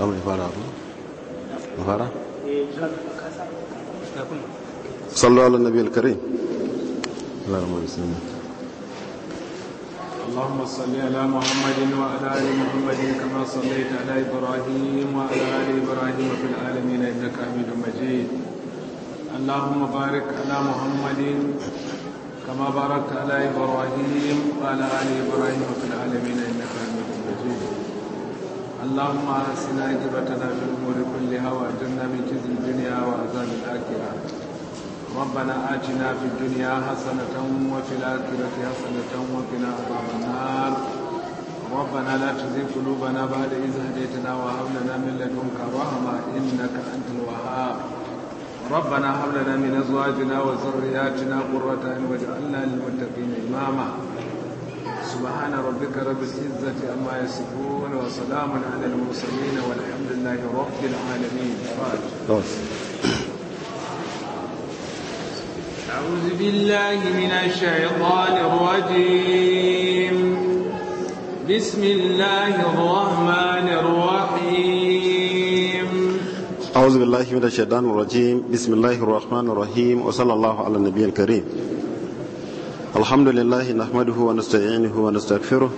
Amma ya fara abu? Ya fara? Sallu ala Nabi wa ala wa ala ali Ibrahim wa اللهم أحسن عاقبتنا في الأمور كلها وأجرنا من خزي الدنيا وعذاب الآخرة ربنا آتنا في الدنيا حسنة وفي الآخرة حسنة وقنا عذاب النار ربنا لا تزغ قلوبنا بعد إذ هديتنا وهب لنا من لدنك رحمة إنك أنت الوهاب ربنا هب لنا من أزواجنا وذرياتنا قرة أعين واجعلنا للمتقين إماما سبحان ربك رب العزة عما يصفون وسلام على المرسلين والحمد لله رب العالمين أعوذ بالله من الشيطان الرجيم بسم الله الرحمن الرحيم أعوذ بالله من الشيطان الرجيم بسم الله الرحمن الرحيم وصلى الله على النبي الكريم الحمد لله نحمده ونستعينه ونستغفره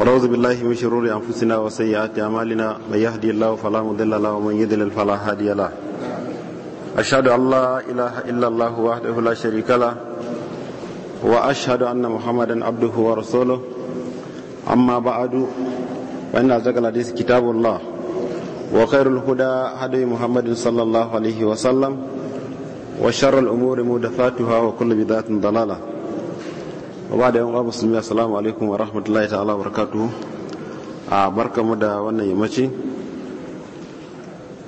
ونعوذ بالله من شرور أنفسنا وسيئات أعمالنا من يهدي الله فلا مضل له ومن يضلل فلا هادي له أشهد أن لا إله إلا الله وحده لا شريك له وأشهد أن محمدا عبده ورسوله أما بعد فإن أصدق الحديث كتاب الله وخير الهدى هدي محمد صلى الله عليه وسلم وشر الأمور محدثاتها وكل بدعة ضلالة wa da yawan musulmi assalamu alaikum wa rahmatullahi ta'ala wa barakatuhu a barkamu da wannan yammaci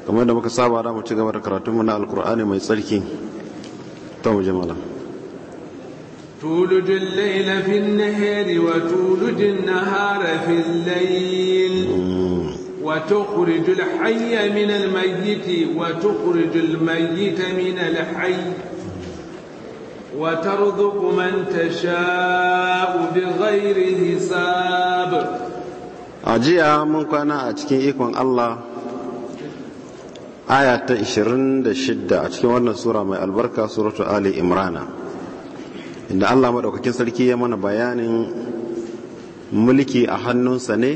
kamar da muka saba da mu ci gaba da karatunmu na alkur'ani mai tsarki ta mu jama'a تولج الليل في النهار وتولج النهار في الليل وتخرج الحي من الميت وتخرج الميت من الحي وترزق من تشاء بغير حساب ajiya mun kwana a cikin ikon Allah aya ta 26 a cikin wannan sura mai albarka suratu Ali Imrana inda Allah madaukakin sarki ya mana bayanin mulki a hannunsa ne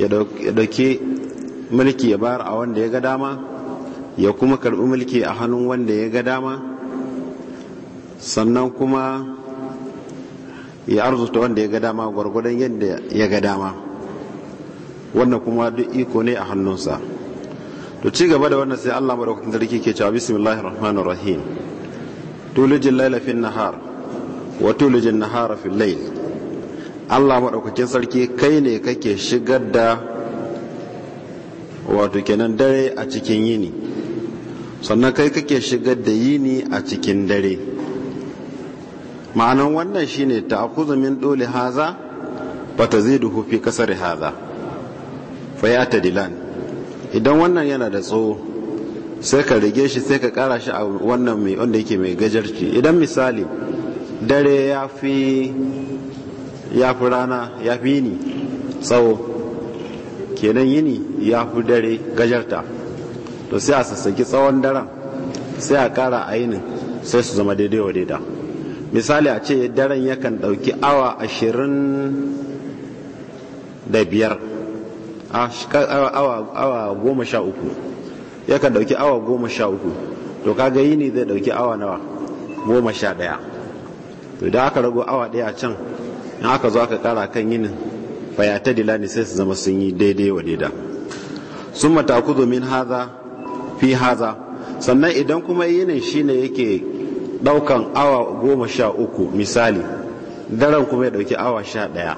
ya dauki mulki ya bayar a wanda ya ga dama ya kuma karbi mulki a hannun wanda ya ga dama sannan kuma ya arzuta wanda ya ga dama gwargwadon yadda ya ga dama wannan kuma duk iko ne a hannunsa to ci gaba da wannan sai Allah madaukakin sarki ke cewa bismillahir rahmanir rahim tulijin laila fil nahar wa tulijin nahar fil layl Allah madaukakin sarki kai ne kake shigar da wato kenan dare a cikin yini sannan kai kake shigar da yini a cikin dare ma'anan wannan shine ta akuzu min dole haza ba ta zai duhu fi kasar haza fa ta dilan idan wannan yana da tsawo sai ka rige shi sai ka kara shi a wannan mai wanda yake mai gajarci idan misali dare ya fi ya fi rana ya fi yini tsawo kenan yini ya fi dare gajarta to sai a sassaki tsawon daren sai a kara a yinin sai su zama daidai wa daidai misali a ce daren yakan ɗauki awa ashirin da biyar awa goma sha uku yakan ɗauki awa goma sha uku to kaga yi ne zai ɗauki awa nawa goma sha ɗaya to da aka rago awa ɗaya can in aka zo aka ƙara kan yinin fayata ne sai su zama sun yi daidai wa daida sun mataku domin haza fi haza sannan idan kuma yinin shine yake daukan awa goma sha uku misali daren kuma ya dauki awa sha daya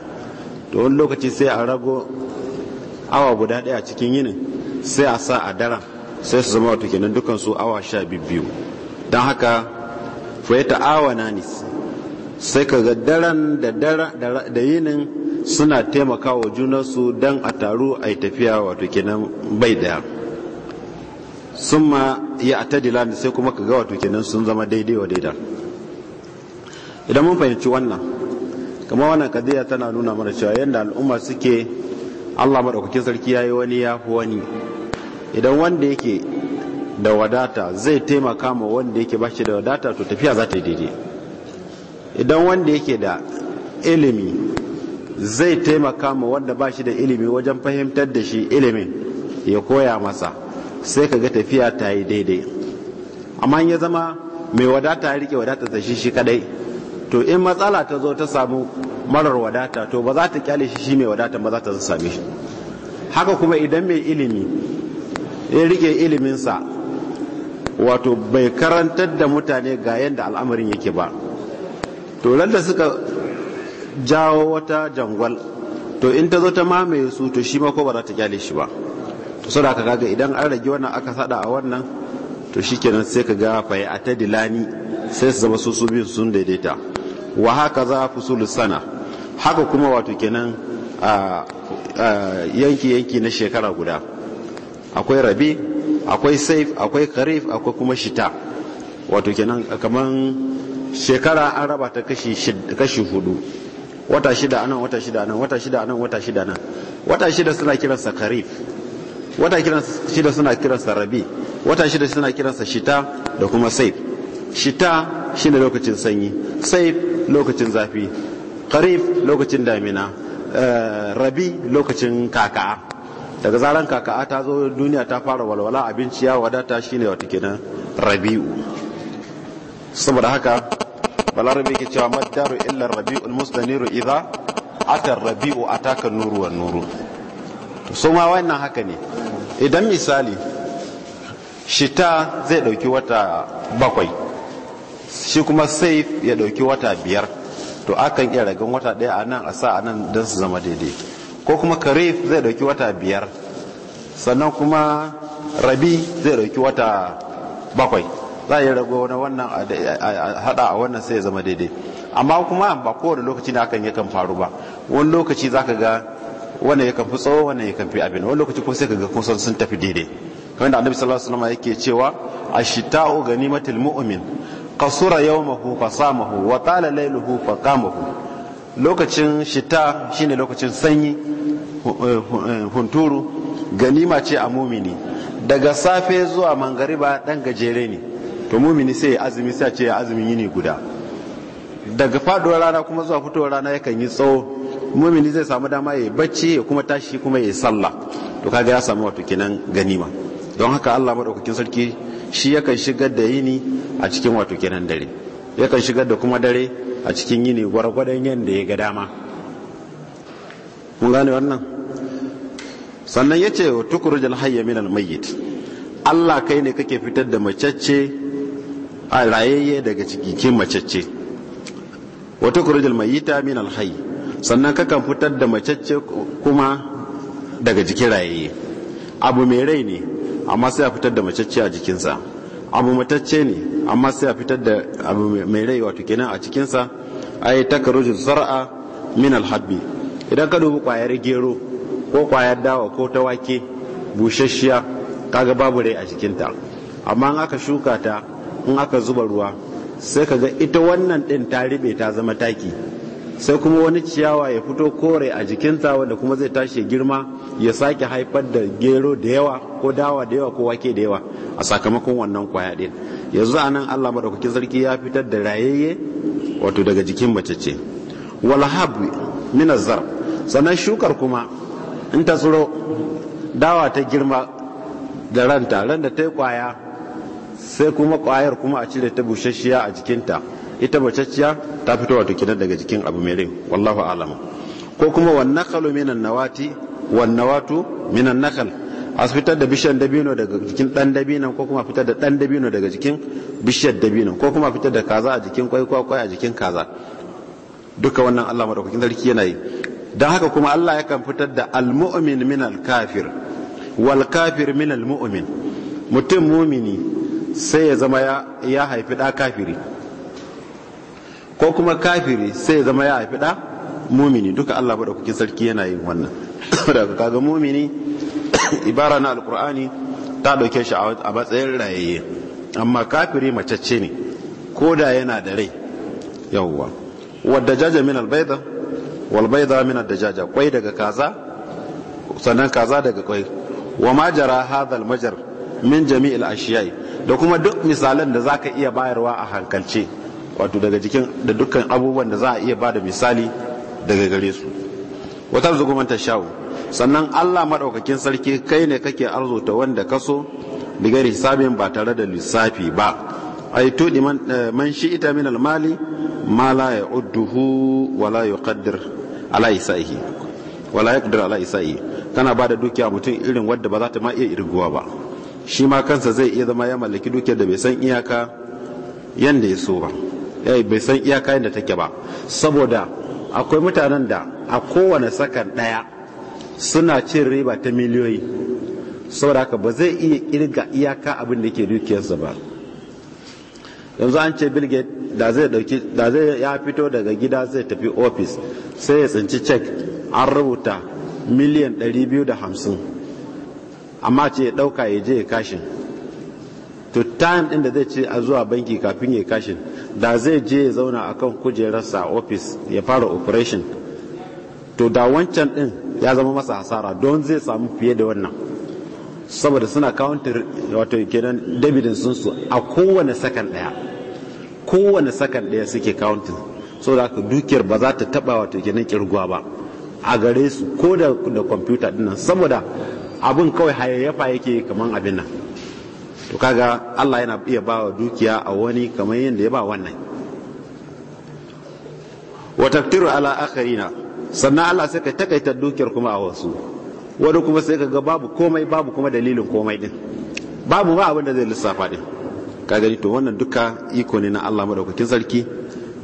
to wani lokaci sai a rago awa guda daya cikin yinin sai a sa a daren sai su zama wato kenan dukan su awa sha biyu don haka fayyata awa na sai ka ga daren da yinin suna taimakawa junansu don a taru a yi tafiya wato kenan bai daya sun ma ya ne sai kuma ka ga wato kenan sun zama daidai wa daidai idan mun fahimci wannan kama wannan kadiya tana nuna mana cewa yadda al'umma suke allah maɗaukakin sarki ya yi wani ya fi wani idan wanda yake da wadata zai taimaka ma wanda yake bashi da wadata to tafiya za ta yi daidai idan wanda yake da ilimi zai taimaka ma wanda bashi da ilimi wajen fahimtar da shi ilimin ya koya masa sai ka ga tafiya ta yi daidai amma ya zama mai wadata ya rike wadata ta shi kadai to in matsala ta zo ta samu marar wadata to ba za ta kyale shi mai wadata ba za ta same shi haka kuma idan mai ilimi ya rike iliminsa wato bai karantar da mutane ga yadda al'amarin yake ba to da suka jawo wata jangwal to in ta zo ta mamaye su to shi ma ko ba za ta kyale shi ba so da kaga idan an rage wannan aka sada a wannan to shikenan sai ka ga fa ya atadilani sai su zama su biyu sun daidaita wa haka za sulu sana haka kuma wato kenan a yanki yanki na shekara guda akwai rabi akwai saif akwai karif akwai kuma shita wato kenan kaman shekara an raba ta kashi hudu wata shida anan wata shida anan wata shida anan wata shida anan wata shida suna kiransa karif wata shida suna kiransa rabi wata shida suna kiransa shita da kuma saif shita shine lokacin sanyi saif lokacin zafi karif lokacin damina eh, rabi lokacin kaka'a daga zaran kaka ta zo duniya ta fara walwala abinci ya wadata shine wata kenan rabi'u saboda haka balarabe ke cewa maddaru rabi rabi'ul musdaniru idza ata rabi'u ataka nuru wa nuru su ma wannan haka ne idan misali shita zai dauki wata bakwai shi kuma saif ya dauki wata biyar to akan iya ragin wata daya a nan a sa a nan don su zama daidai ko kuma karif zai dauki wata biyar sannan kuma rabi zai dauki wata bakwai za a yi rago wani wannan hada a wannan sai ya zama daidai amma kuma ba kowane lokaci ne akan yakan faru ba wani lokaci za ka ga wanda ya kan fi tsawo wanda ya kan fi abin wani lokaci kuma sai ga kusan sun tafi daidai kamar da annabi sallallahu alaihi wasallam yake cewa ashita'u ganimatul mu'min qasura yawmahu fa samahu wa tala layluhu fa qamahu lokacin shita shine lokacin sanyi eh, eh, hunturu ganima ce a mumini daga safe zuwa mangariba dan gajere ne to mumini sai ya azumi sai ce ya azumin yini guda daga faduwar rana kuma zuwa fitowar rana yakan yi tsawo mumini zai samu dama ya bacci ya kuma tashi kuma ya sallah to kaga ya samu wato kenan ganima don haka Allah madaukakin sarki shi yakan shigar da yini a cikin wato kenan dare yakan shigar da kuma dare a cikin yini gwargwadon da ya ga dama mun gane wannan sannan ya ce wa tukurujal hayya min almayyit Allah kai ne kake fitar da macece a rayayye daga cikin macece wa tukurujal mayyita min hayy sannan kakan fitar da macece kuma daga jikin rayayye abu mai rai ne amma sai a fitar da macece a jikinsa abu matacce ne amma sai a fitar da abu mai rai wato kenan a cikinsa ai takaruju zar'a min alhabbi idan ka dubi kwayar gero ko kwayar dawa ko ta wake busasshiya kaga babu rai a jikinta amma in aka shuka ta in aka zuba ruwa sai ka ga ita wannan ɗin ta riɓe ta zama taki sai kuma wani ciyawa ya fito kore a jikinta wanda kuma zai tashi girma ya sake haifar da gero da yawa ko dawa da yawa ko wake da yawa a sakamakon wannan kwaya din yanzu a nan allah maɗaukakin sarki ya fitar da rayayye wato daga jikin mace ce walhab minazar sannan shukar kuma in ta tsiro dawa ta girma da ranta ran da ta yi kwaya sai kuma kwayar kuma a cire ta busasshiya a jikinta ita bacacciya ta fito wato kinan daga jikin abu mai rai wallahu alam ko kuma wa naqalu minan nawati wan nawatu minan nakal a fitar da bishiyar dabino daga jikin dan dabino ko kuma fitar da dan dabino daga jikin bishiyar dabino ko kuma fitar da kaza a jikin kwai kwai a jikin kaza duka wannan Allah madaukakin sarki yana yi don haka kuma Allah yakan fitar da almu'min min alkafir kafir wal kafir min al-mu'min mutum mumini sai ya zama ya haifi da kafiri ko kuma kafiri sai zama ya haifi da mumini duka Allah bada madaukakin sarki yana yin wannan daga kaga mumini ibara na alkur'ani ta dauke shi a matsayin rayayye amma kafiri macece ne ko da yana da rai yawwa wadda jaja min albaida walbaida min kwai daga kaza sannan kaza daga kwai wa ma jara hadha majar min jami'il ashiyai da kuma duk misalan da zaka iya bayarwa a hankalce wato daga cikin da dukkan abubuwan da za a iya ba da misali daga gare su wata zugumanta ta shawo sannan allah maɗaukakin sarki kai ne kake arzuta wanda kaso bigari hisabin ba tare da lissafi ba yi tudi man eh, shi ita min almali ma la ya udduhu wa la yuqaddir ala isaihi wa kana ba da dukiya mutum irin wadda ba za ta ma iya irguwa ba shi ma kansa zai iya zama ya mallaki dukiyar da bai san iyaka yanda ya so ba Eh, bai san iyaka da take ba saboda akwai mutanen da a kowane sakan ɗaya suna cin riba ta miliyoyi saboda haka ba zai iya kirga iyaka abin da ke dukiyarsa ba yanzu an ce bill gates da zai ya fito daga gida zai tafi ofis sai ya tsinci cek an rubuta miliyan 250 amma ce ya dauka ya je ya kashin to time din da zai ce a zuwa banki kafin ya kashin da zai je ya zauna a kan kujerarsa a ofis ya fara operation to da wancan din ya zama masa hasara don zai samu fiye da wannan saboda suna counter wato kenan dabidin sun su a kowane sakan daya kowane sakan daya suke counting so da dukiyar ba za ta taba wato kenan kirguwa ba a gare su ko da kwamfuta dinnan saboda abin kawai hayayyafa yake kaman abin nan to kaga Allah yana iya ba wa dukiya a wani kamar yadda ya ba wannan wa taktiru ala akharina sannan Allah sai ka takaita dukiyar kuma a wasu wani kuma sai ka ga babu komai babu kuma dalilin komai din babu ba abin da zai lissafa din ka gani to wannan duka iko ne na Allah madaukakin sarki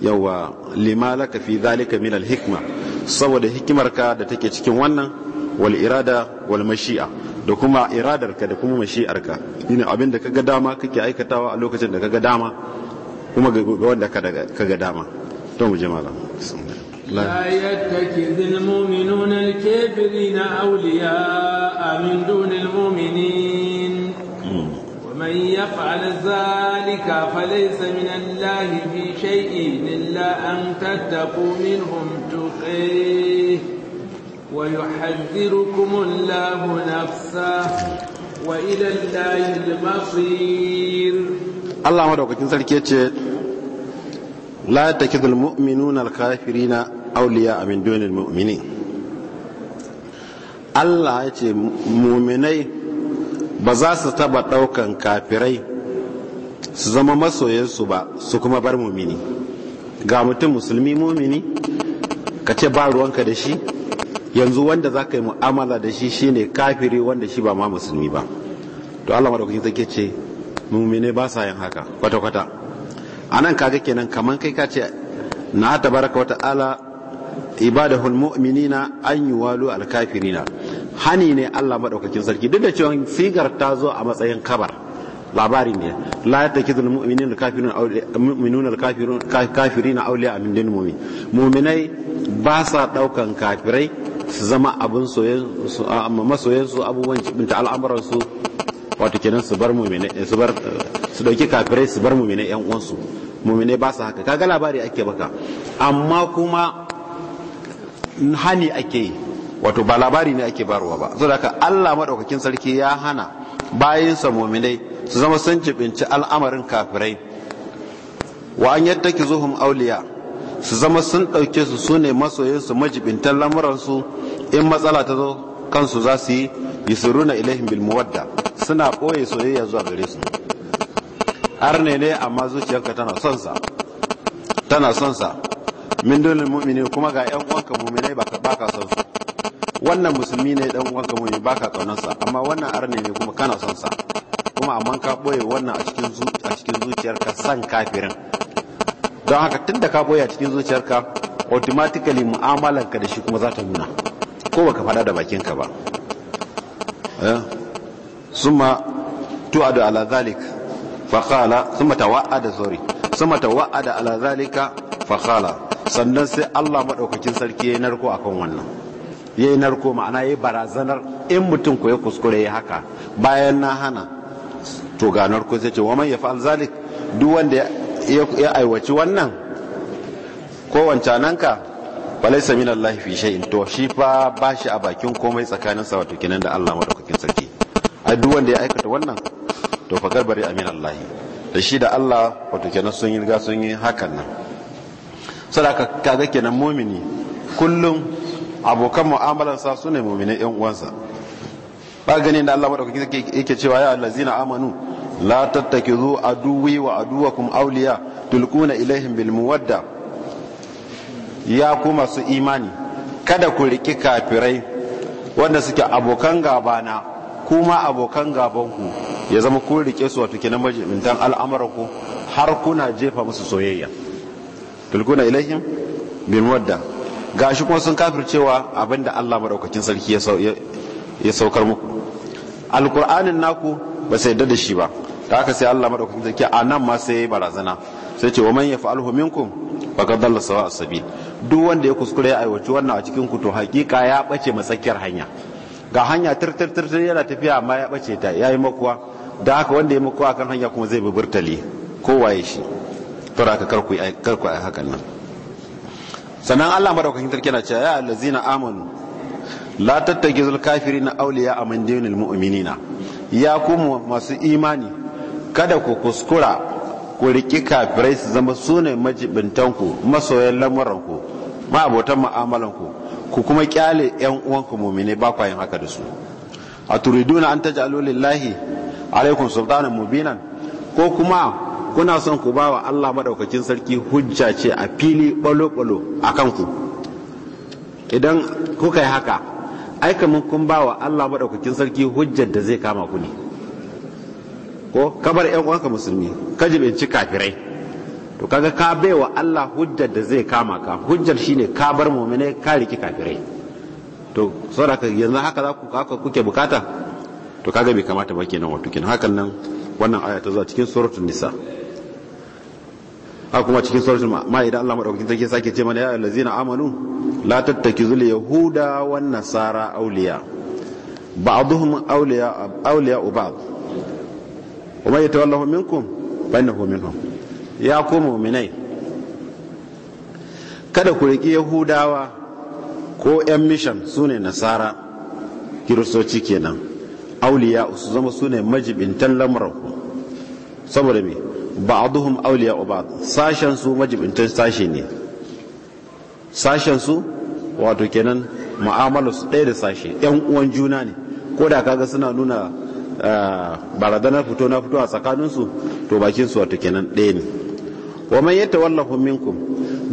yawa limalaka fi zalika min al hikma saboda hikimarka da take cikin wannan wal irada wal mashi'a da kuma iradarka da kuma mashi'arka shine abin da kaga dama kake aikatawa a lokacin da kaga dama kuma ga wanda kaga dama to mu jama'a لا يتخذ المؤمنون الكافرين أولياء من دون المؤمنين ومن يفعل ذلك فليس من الله في شيء إلا أن تتقوا منهم تقيه ويحذركم الله نفسه وإلى الله المصير الله مدوكين سلكي يتي لا يتكذ المؤمنون الكافرين أولياء من دون المؤمنين Allah ya ce muminai ba za su taba ɗaukan kafirai su zama masoyansu ba su kuma bar mumini ga mutum musulmi mumini ka ce ba ruwanka da shi yanzu wanda za ka yi mu'amala da shi shine kafiri wanda shi ba ma musulmi ba to Allah madaukakin sarki ce mumine ba sa yin haka kwata kwata nan kaga kenan kaman kai ka ce na tabaraka wata ala ibadahul mu'minina an yuwalu al kafirina hani ne Allah madaukakin sarki duk da cewa sigar ta zo a matsayin kabar labarin ne la ya mu'minina al kafiruna awliya mu'minuna al kafiruna kafirina awliya min dinil mu'min mu'minai ba sa daukan kafirai su zama abin masoyansu abubuwan jibinta al'amuransu wato kenan su bar mumine su bar su dauki kafirai su bar mumine yan uwansu mumine ba su haka kaga labari ake baka amma kuma hani ake yi wato ba labari ne ake barwa ba saboda haka Allah madaukakin sarki ya hana bayin sa mumine su zama sun cibinci al'amarin kafirai wa an zuhum awliya su zama sun ɗauke su su ne masoyinsu majibintan lamuransu in matsala ta zo kansu za su yi yusiruna ilaihim ilahin bilmuwadda suna ɓoye soyayya zuwa gare su har ne ne amma zuciyarka tana son sa tana son sa min dole mu'mini kuma ga yan uwanka mu'minai baka baka son su wannan musulmi ne dan uwanka mu'mini baka kaunar sa amma wannan arne ne kuma kana son sa kuma amma ka ɓoye wannan a cikin zuciyarka san kafirin don haka tun da ka boya cikin zuciyarka automatically mu'amalanka da shi kuma za ta nuna ko baka faɗa da bakinka ba eh? summa tu'adu ala zalik faqala summa tawa'ada sorry summa tawa'ada ala zalika sannan sai Allah madaukakin sarki yayin narko akan wannan yayin narko ma'ana yayin barazanar in mutum ko ya kuskure ya haka bayan na hana to ga narko sai ce wa man yaf'al zalik duk wanda ya aiwaci wannan ko wancananka balai min Allah fi shay'in to shi fa ba shi a bakin komai tsakanin sa wato kenan da Allah madaukakin sarki a duk wanda ya aikata wannan to fa garbari amin Allah da shi da Allah wato kenan sun yi riga sun yi hakan nan sadaka kaga kenan mumini kullum abokan mu'amalarsa su ne muminin yan uwansa ba ganin da Allah madaukakin sarki yake cewa ya allazina amanu la تتكذوا aduwi wa أولياء تلقون إليهم بالمودة يا كما ya ku masu imani kada ku kafirai wanda suke abokan gabana kuma abokan gabanku ya zama ku rike su wato kenan majibintan al'amuranku har kuna jefa musu soyayya tulquna ilaihim bil wadda, gashi kuma sun cewa abinda Allah madaukakin sarki ya saukar muku alkur'anin naku ba sai yadda da shi ba da haka sai Allah madaukakin sarki a nan ma sai barazana sai ce wa man fa'alhu minkum faqad dalla sawa as-sabil duk wanda ya kuskure ya aiwaci wannan a cikin ku to hakika ya bace masakiyar hanya ga hanya tirtir tirtir yana tafiya amma ya bace ta yayi makuwa da haka wanda ya makuwa kan hanya kuma zai bi ko waye shi to da karku karku ai hakan nan sannan Allah madaukakin sarki yana cewa ya allazina amanu la tattakizul kafirina awliya min dinil mu'minina ya ku masu imani kada ku kuskura ku riƙi kafirai su zama su ne majibintanku masoyan lamuranku ma'abotan ma'amalanku, ku kuma kyale yan uwanku mumine ba kwa haka da su a turiduna an taj'alu lillahi alaikum sultana mubinan ko kuma kuna son ku ba wa Allah maɗaukakin sarki hujja ce a fili ɓalo-ɓalo a kanku idan kuka yi haka aika mun kun ba wa Allah maɗaukacin sarki hujjar da zai kama ku ne ko kabar yan uwanka musulmi ka jibinci kafirai to kaga ka baiwa Allah hujjar da zai kama ka hujjar shine ka bar mu'mine ka riki kafirai to saboda yanzu haka za ku haka kuke bukata to kaga bai kamata ba kenan wato kenan hakan nan wannan aya ta zuwa cikin suratul nisa a kuma cikin suratul idan Allah madaukakin take sake ce mana ya allazina amanu la tattakizul yahuda wan nasara awliya ba'dhum awliya awliya ba'd wa man yatawallahu minkum fa innahu minhum ya ku mu'minai kada ku riƙi yahudawa ko yan mission sune nasara kiristoci kenan auliya su zama sune majibintan lamuranku saboda me ba'duhum auliya ba'd sashen su majibintan sashe ne sashen su wato kenan mu'amalar su ɗaya da sashe yan uwan juna ne ko da kaga suna nuna Ah, barazanar fito na fito a tsakaninsu to bakinsu wata kenan ɗaya ne wa man yatawallahu minkum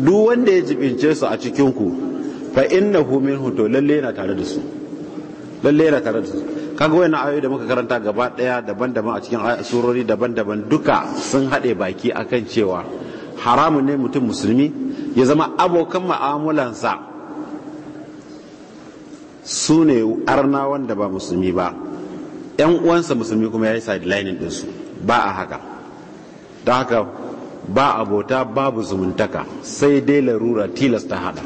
duk wanda ya jibince su a cikin ku fa innahu minhu to lalle yana tare da su lalle yana tare da su kaga ayoyi da muka karanta gaba daya daban-daban a cikin surori daban-daban duka sun haɗe baki akan cewa haramun ne mutum musulmi ya zama abokan mu'amalansa su ne arna wanda ba musulmi ba 'yan uwansa musulmi kuma ya yi side sidelining ɗinsu ba a haka ta haka ba abota babu zumuntaka sai dai larura tilas ta hada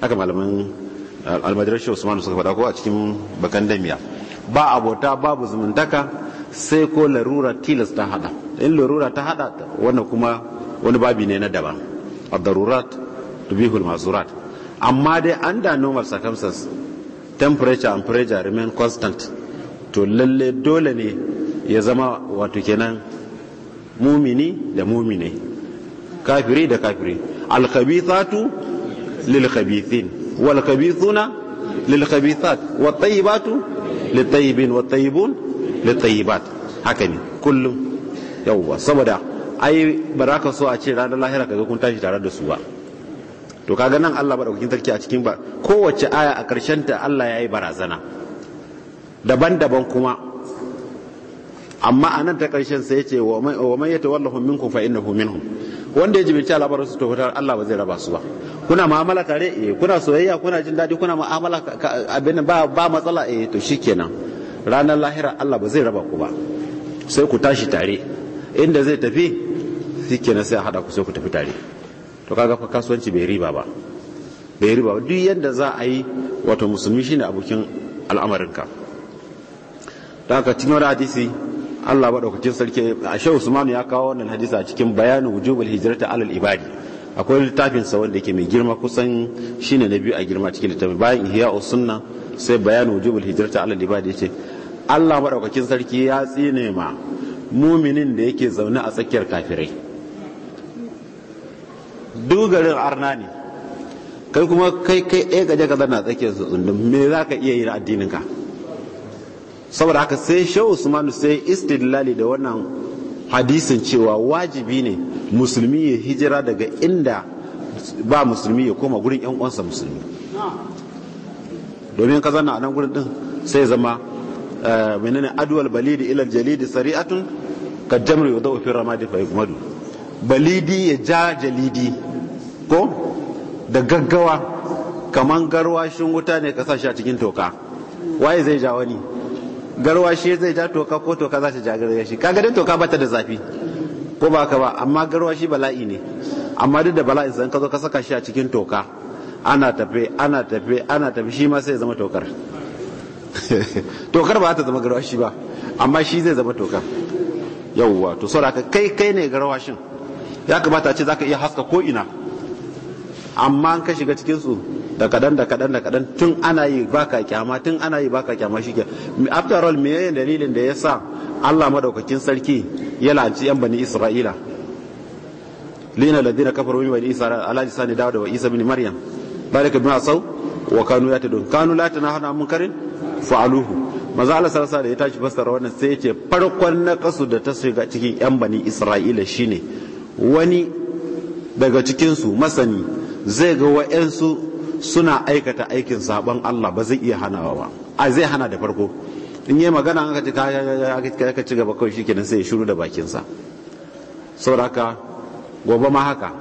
haka malaman uh, almajirar shi usman suka faɗa ko a cikin bakan damiya ba abota babu zumuntaka sai ko larura tilas ta hada in larura ta hada wannan kuma wani babi ne na daban ad-darurat tubihul masurat amma dai under normal circumstances temperature and pressure remain constant to lalle dole ne ya zama wato kenan mumini da mumine kafiri da kafiri alkhabithatu lilkhabithin walkhabithuna lilkhabithat wattayyibatu litayyibin wattayyibun litayyibat haka ne kullum yawwa saboda ai ba za ka so a ce ranar lahira kaga kun tashi tare da su ba to kaga nan Allah madaukakin sarki a cikin ba kowace aya a karshen ta Allah ya yi barazana daban-daban kuma amma a nan ta ƙarshen sai ce wa mai yata wallahu minkum fa innahu minhum wanda ya jibinci al'amarin su to Allah ba zai raba su ba kuna ma'amala kare eh kuna soyayya kuna jin daɗi kuna ma'amala abin ba ba matsala eh to shikenan ranar lahira Allah ba zai raba ku ba sai ku tashi tare inda zai tafi shikenan sai a hada ku sai ku tafi tare to kaga fa kasuwanci bai riba ba bai riba ba duk yanda za a yi wato musulmi shine abokin al'amarinka ta cikin wani hadisi Allah maɗaukakin sarki a shehu Usman ya kawo wannan hadisi a cikin bayanin wujubul hijrata alal ibadi akwai littafin sa wanda yake mai girma kusan shine na biyu a girma cikin littafin bayan ihya sunna sai bayanin wujubul hijrata alal ibadi yace Allah maɗaukakin sarki ya tsine ma muminin da yake zaune a tsakiyar kafirai dogarin arna ne kai kuma kai kai ɗaya gaje ka na tsakiyar su me za ka iya yi na addininka saboda haka sai shehu usman sai istidlali da wannan hadisin cewa wajibi ne musulmi ya hijira daga inda ba musulmi ya koma gurin yan uwansa musulmi domin ka zanna a nan gurin din sai zama eh, menene adwal balidi ila jalidi sari'atun ka jamru wa da'u fi ramadi fa yugmadu balidi ya ja jalidi ko da gaggawa kaman garwashin wuta ne ka sa shi a cikin toka waye zai ja wani garwashi zai ja toka ko toka za ta ja garwashi kaga dan toka bata da zafi ko ba ka ba amma garwashi bala'i ne amma duk da bala'in zan ka zo ka saka shi a cikin toka ana tafe ana tafe ana tafe shi ma sai ya zama tokar tokar ba ta zama garwashi ba amma shi zai zama tokar yauwa to saboda kai kai ne garwashin ya kamata a ce zaka iya haska ko ina amma an ka shiga cikin su da kadan da kadan da kadan tun ana yi baka kyama tun ana yi baka kyama shike after all meye dalilin da yasa Allah madaukakin sarki ya lanci yan bani Isra'ila lina ladina kafaru min bani Isra'ila ala sani Dawud wa Isa bin Maryam dalika bima asaw wa kanu yatadun kanu la tanahana munkarin fa'aluhu maza Allah sarasa da ya tashi fassara wannan sai ya ce farkon na kasu da ta shiga cikin yan bani Isra'ila shine wani daga cikinsu masani zai ga wa'yansu suna aikata aikin sabon Allah ba zai iya hana ba a zai hana da farko in yi magana aka ci ka ci gaba kawai shikenan sai ya shiru da bakinsa saboda haka gobe ma haka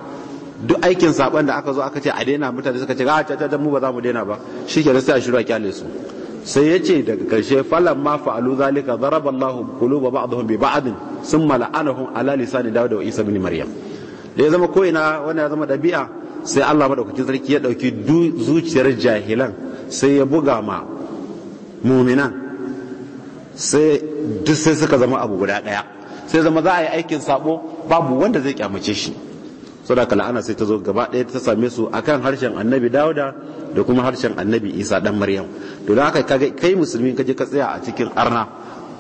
duk aikin saban da aka zo aka ce a daina mutane suka ce ah, a caca mu ba za mu daina ba shikenan sai a shiru a kyale su sai ya ce daga karshe falan ma fa'alu zalika daraba Allahu quluba ba'dhum sun ba'd summa la'anahum ala lisani dawud wa isa mini maryam da ya zama koina wanda ya zama dabi'a sai Allah madaukakin sarki ya dauki zuciyar jahilan sai ya buga ma muminan sai duk sai suka zama abu guda daya sai zama za a yi aikin sabo babu wanda zai kyamace shi da la'ana sai ta zo gaba ɗaya ta same su akan harshen annabi dawuda da kuma harshen annabi isa dan maryam to don haka kai musulmi ka ka tsaya a cikin arna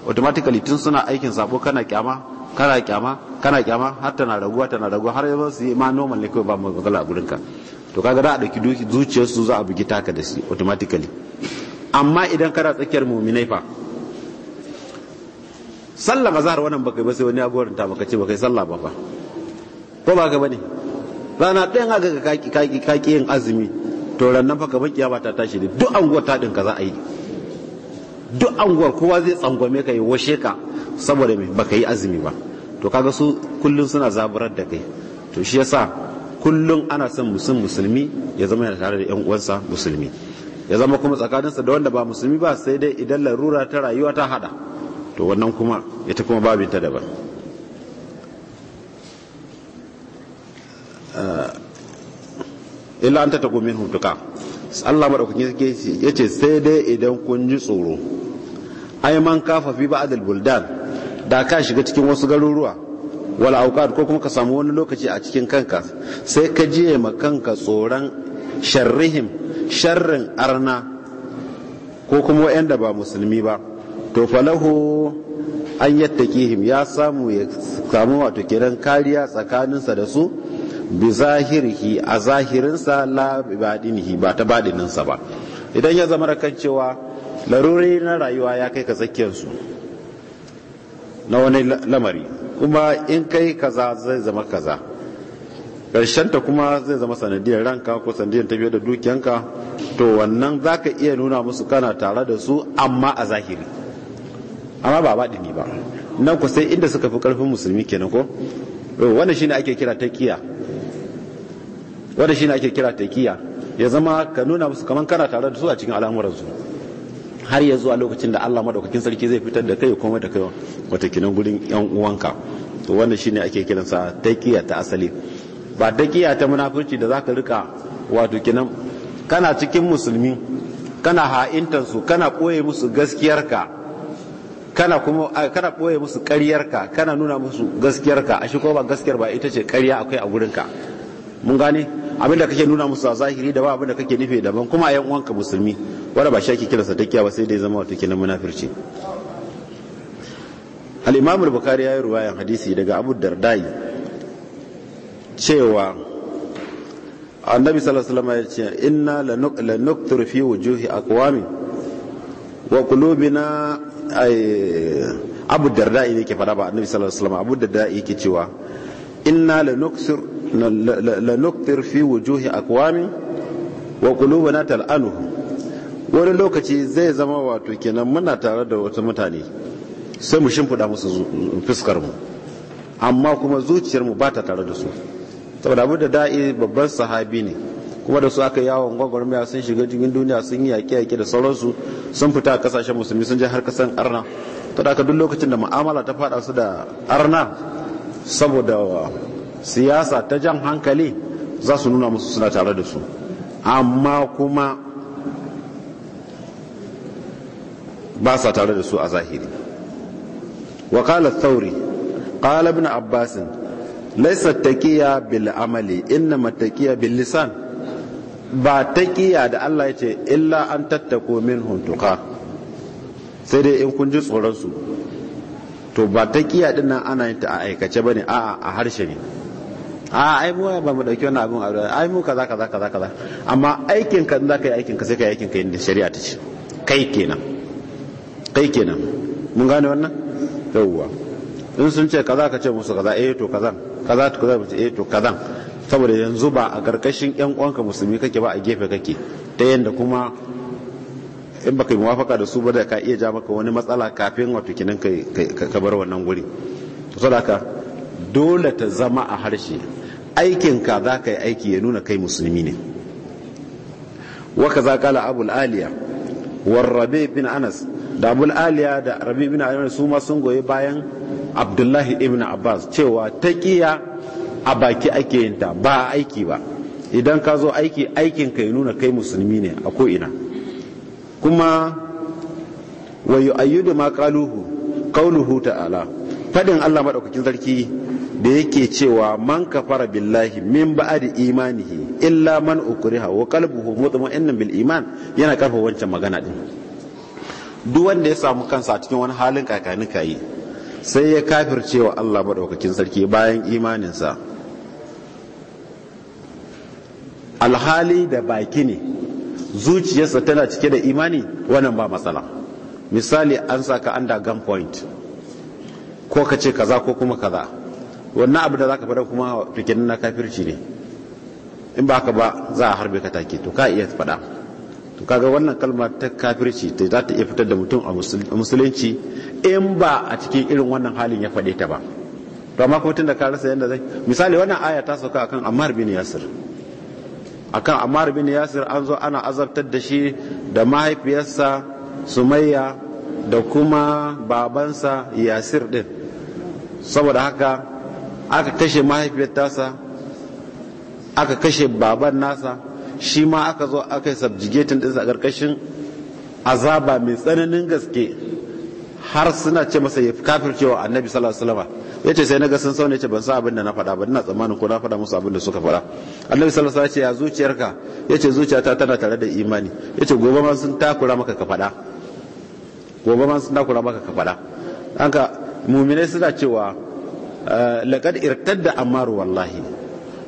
automatically tun suna aikin sabo kana kyama kana kyama kana kyama har tana raguwa tana raguwa har yanzu su yi ma normal ne kawai ba mu matsala a gurinka to kaga za a ɗauki zuciyar su za a bugi taka da shi automatically amma idan kana tsakiyar muminai fa sallah mazhar wannan baka ba sai wani agorin ta baka ce baka sallah ba fa ko ba ka bane rana ɗayan aka ka yin azumi to rannan fa kamar kiyama ta tashi duk anguwar ta ɗin ka za a yi duk anguwar kowa zai tsangwame ka ya washe ka saboda mai baka yi azumi ba to kaga su kullum suna zaburar da kai to shi yasa kullum ana son musulmi musulmi ya zama yana tare da yan uwansa musulmi ya zama kuma tsakaninsa da wanda ba musulmi ba sai dai idan larura ta rayuwa ta hada to wannan kuma ita kuma babin ta daban eh, Ila an ta tagomin hutuka Allah madaukakin sarki yace sai dai idan kun ji tsoro ai man kafa fi ba'dal buldan da ka shiga cikin wasu garuruwa wal auqat ko kuma ka samu wani lokaci a cikin kanka sai ka jiye ma kanka tsoron sharrihim sharrin arna ko kuma wa'anda ba musulmi ba to falahu an yattakihim ya samu ya samu wato kiran kariya tsakaninsa da su bi zahirhi a zahirinsa la badinihi ba ta badininsa ba idan ya zama rakan cewa laruri na rayuwa ya kai ka su. na wani lamari kuma in kai kaza zai zama kaza ta kuma zai zama sanadiyar ranka ko sanadiyar tafiya da dukiyanka to wannan za ka iya nuna musu kana tare da su amma a zahiri amma ba baɗini ba nan ku sai inda suka fi ƙarfin musulmi kenan ko wanda shine ake kira taqiya wanda shine ake kira taqiya ya zama ka nuna musu kaman kana tare da su a cikin al'amuran su har ya zuwa lokacin da Allah madaukakin sarki zai fitar da kai kuma da kai wata kinan gurin yan uwanka to wannan shine ake kiransa taqiya ta asali ba taqiya ta munafurci da zaka rika wato kinan kana cikin musulmi kana ha'intansu kana ɓoye musu gaskiyarka kana kuma kana boye musu ƙaryarka kana nuna musu gaskiyarka a shi ko ba gaskiyar ba ita ce ƙarya akwai a gurinka mun gane abinda kake nuna musu a zahiri da ba abinda kake nufi daban kuma a yan uwanka musulmi wanda ba shi kira sa takiya ba sai dai zama wato kenan munafirci al imamu al ya yi ruwayan hadisi daga abu dardai cewa annabi sallallahu alaihi wasallam ya ce inna lanuktur fi wujuhi aqwami wa qulubina abu ra'ayi ne ke fada ba annabi sallallahu alaihi wasallam abu darda yake cewa inna la nuktir fi wujuhi aqwami wa qulubuna tal'anuhum wani lokaci zai zama wato kenan muna tare da wata mutane sai mu shimfiɗa musu fuskar mu amma kuma zuciyar mu ba ta tare da su saboda abu da da'i babban sahabi ne kuma da su aka yawon gwagwarmaya sun shiga cikin duniya sun yi yaƙe-yaƙe da sauransu sun fita a kasashen musulmi sun je har kasan arna ta da duk lokacin da ma'amala ta faɗa su da arna saboda siyasa ta jan hankali za su nuna musu suna tare da su amma kuma ba sa tare da su a zahiri وقال الثوري قال ابن عباس ليس التقية بالعمل إنما التقية باللسان ba ta kiya da Allah ya ce illa an tattako min huntuka sai dai in kun ji tsoronsu to ba ta kiya din nan ana yin ta a aikace ba ne a'a a harshe ne a ai mu ba mu dauki wannan abin a ai mu kaza kaza kaza kaza amma aikin ka za ka yi aikin ka sai ka yi aikin ka inda shari'a ta ce kai kenan kai kenan mun gane wannan yawwa in sun ce kaza ka ce musu kaza eh to kaza kaza to kaza eh to kaza saboda yanzu ba a ƙarƙashin 'yan uwanka musulmi kake ba a gefe kake ta yadda kuma in baka yi muwafaka da su ba da ka iya ja maka wani matsala kafin wato kinin ka bar wannan guri saboda dole ta zama a harshe aikinka za ka yi aiki ya nuna kai musulmi ne waka za abul aliya warrabe bin anas da abul aliya da rabi bin anas su ma sun goyi bayan abdullahi ibn abbas cewa ta taqiya a baki ake yin ta ba aiki ba idan ka zo aiki aikin ka ya nuna kai musulmi ne a ko'ina kuma wayo yu'ayyidu ma qaluhu kauluhu ta'ala fadin Allah maɗaukakin sarki da yake cewa man kafara billahi min imani imanihi illa man ukriha wa qalbuhu mutma'innan bil iman yana karfa wancan magana din duk wanda ya samu kansa cikin wani halin kakanin kayi sai ya kafircewa Allah maɗaukakin sarki bayan imaninsa alhali da baki ne zuciyarsa tana cike da imani wannan ba matsala misali an saka under gun point ko ka ce kaza ko kuma kaza wannan abu da za ka fada kuma rikinin na kafirci ne in ba ka ba za a harbe ka take to ka iya faɗa to kaga wannan kalma ta kafirci ta za ta iya fitar da mutum a musulunci in ba a cikin irin wannan halin ya fade ta ba to amma kuma tun da ka rasa yadda zai misali wannan aya ta sauka akan harbi ne yasir akan amar bin Yasir an zo ana azabtar da shi da mahaifiyarsa Sumayya da kuma babansa Yasir din saboda haka aka kashe mahaifiyar aka kashe baban nasa shi ma aka zo aka yi sabjigetin ɗinsa a ƙarƙashin azaba mai tsananin gaske har suna ce masa ya cewa annabi sallallahu alaihi wasallam yace sai naga sun saune ce ban sa abin da na faɗa ba ina tsammanin ko na faɗa musu abin da suka faɗa annabi sallallahu alaihi wasallam ya zuciyarka yace zuciyata tana tare da imani yace gobe ma sun takura maka ka faɗa gobe ma sun takura maka ka faɗa haka mu'minai suna cewa eh, laqad irtadda ammar wallahi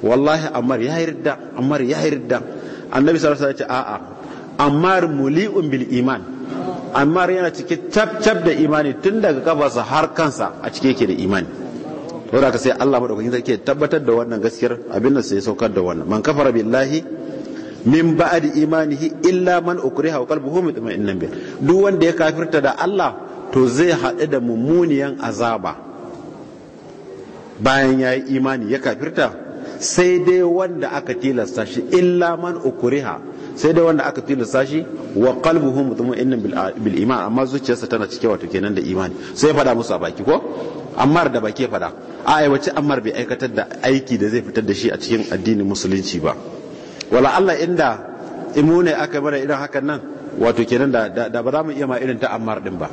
wallahi ammar ya yarda ammar ya yarda annabi sallallahu alaihi wasallam ya ce a'a ammar muli'un bil iman amma yana cike tabtab da imani tun daga kafarsa har kansa a cike yake da imani saboda ka sai Allah madaukakin sarki ke tabbatar da wannan gaskiyar abin nan sai saukar da wannan man kafara billahi min ba'di imanihi illa man ukriha wa qalbuhu mutma'innan bil duk wanda ya kafirta da Allah to zai haɗu da mummuniyan azaba bayan yayi imani ya kafirta sai dai wanda aka tilasta shi illa man ukuriha sai dai wanda aka tilasta shi wa qalbuhu mutma'innan bil iman amma zuciyarsa tana cike wato kenan da imani sai ya fada musu a baki ko amma da baki ya fada a aiwace amma bai aikatar da aiki da zai fitar da shi a cikin addinin musulunci ba wala Allah inda imune aka mara irin hakan nan wato kenan da da ba za mu iya ma irin ta amma din ba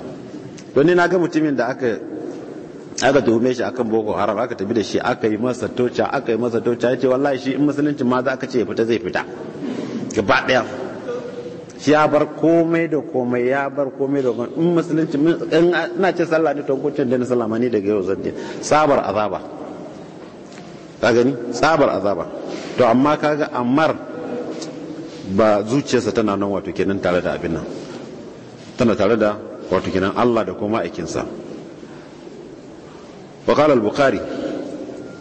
don ni na ga mutumin da aka aka tuhume shi akan boko haram aka tafi da shi aka yi masa toca aka yi masa toca ya ce wallahi shi in musulunci ma za ka ce ya fita zai fita gaba daya shi ya bar komai da komai ya bar komai da komai in musulunci ina ce sallah ne tankuncin da na sallah ma ni daga yau zan je sabar azaba ka gani sabar azaba to amma kaga ammar ba zuciyarsa tana nan wato kenan tare da abin nan tana tare da wato kenan Allah da kuma aikinsa wa qala al-bukhari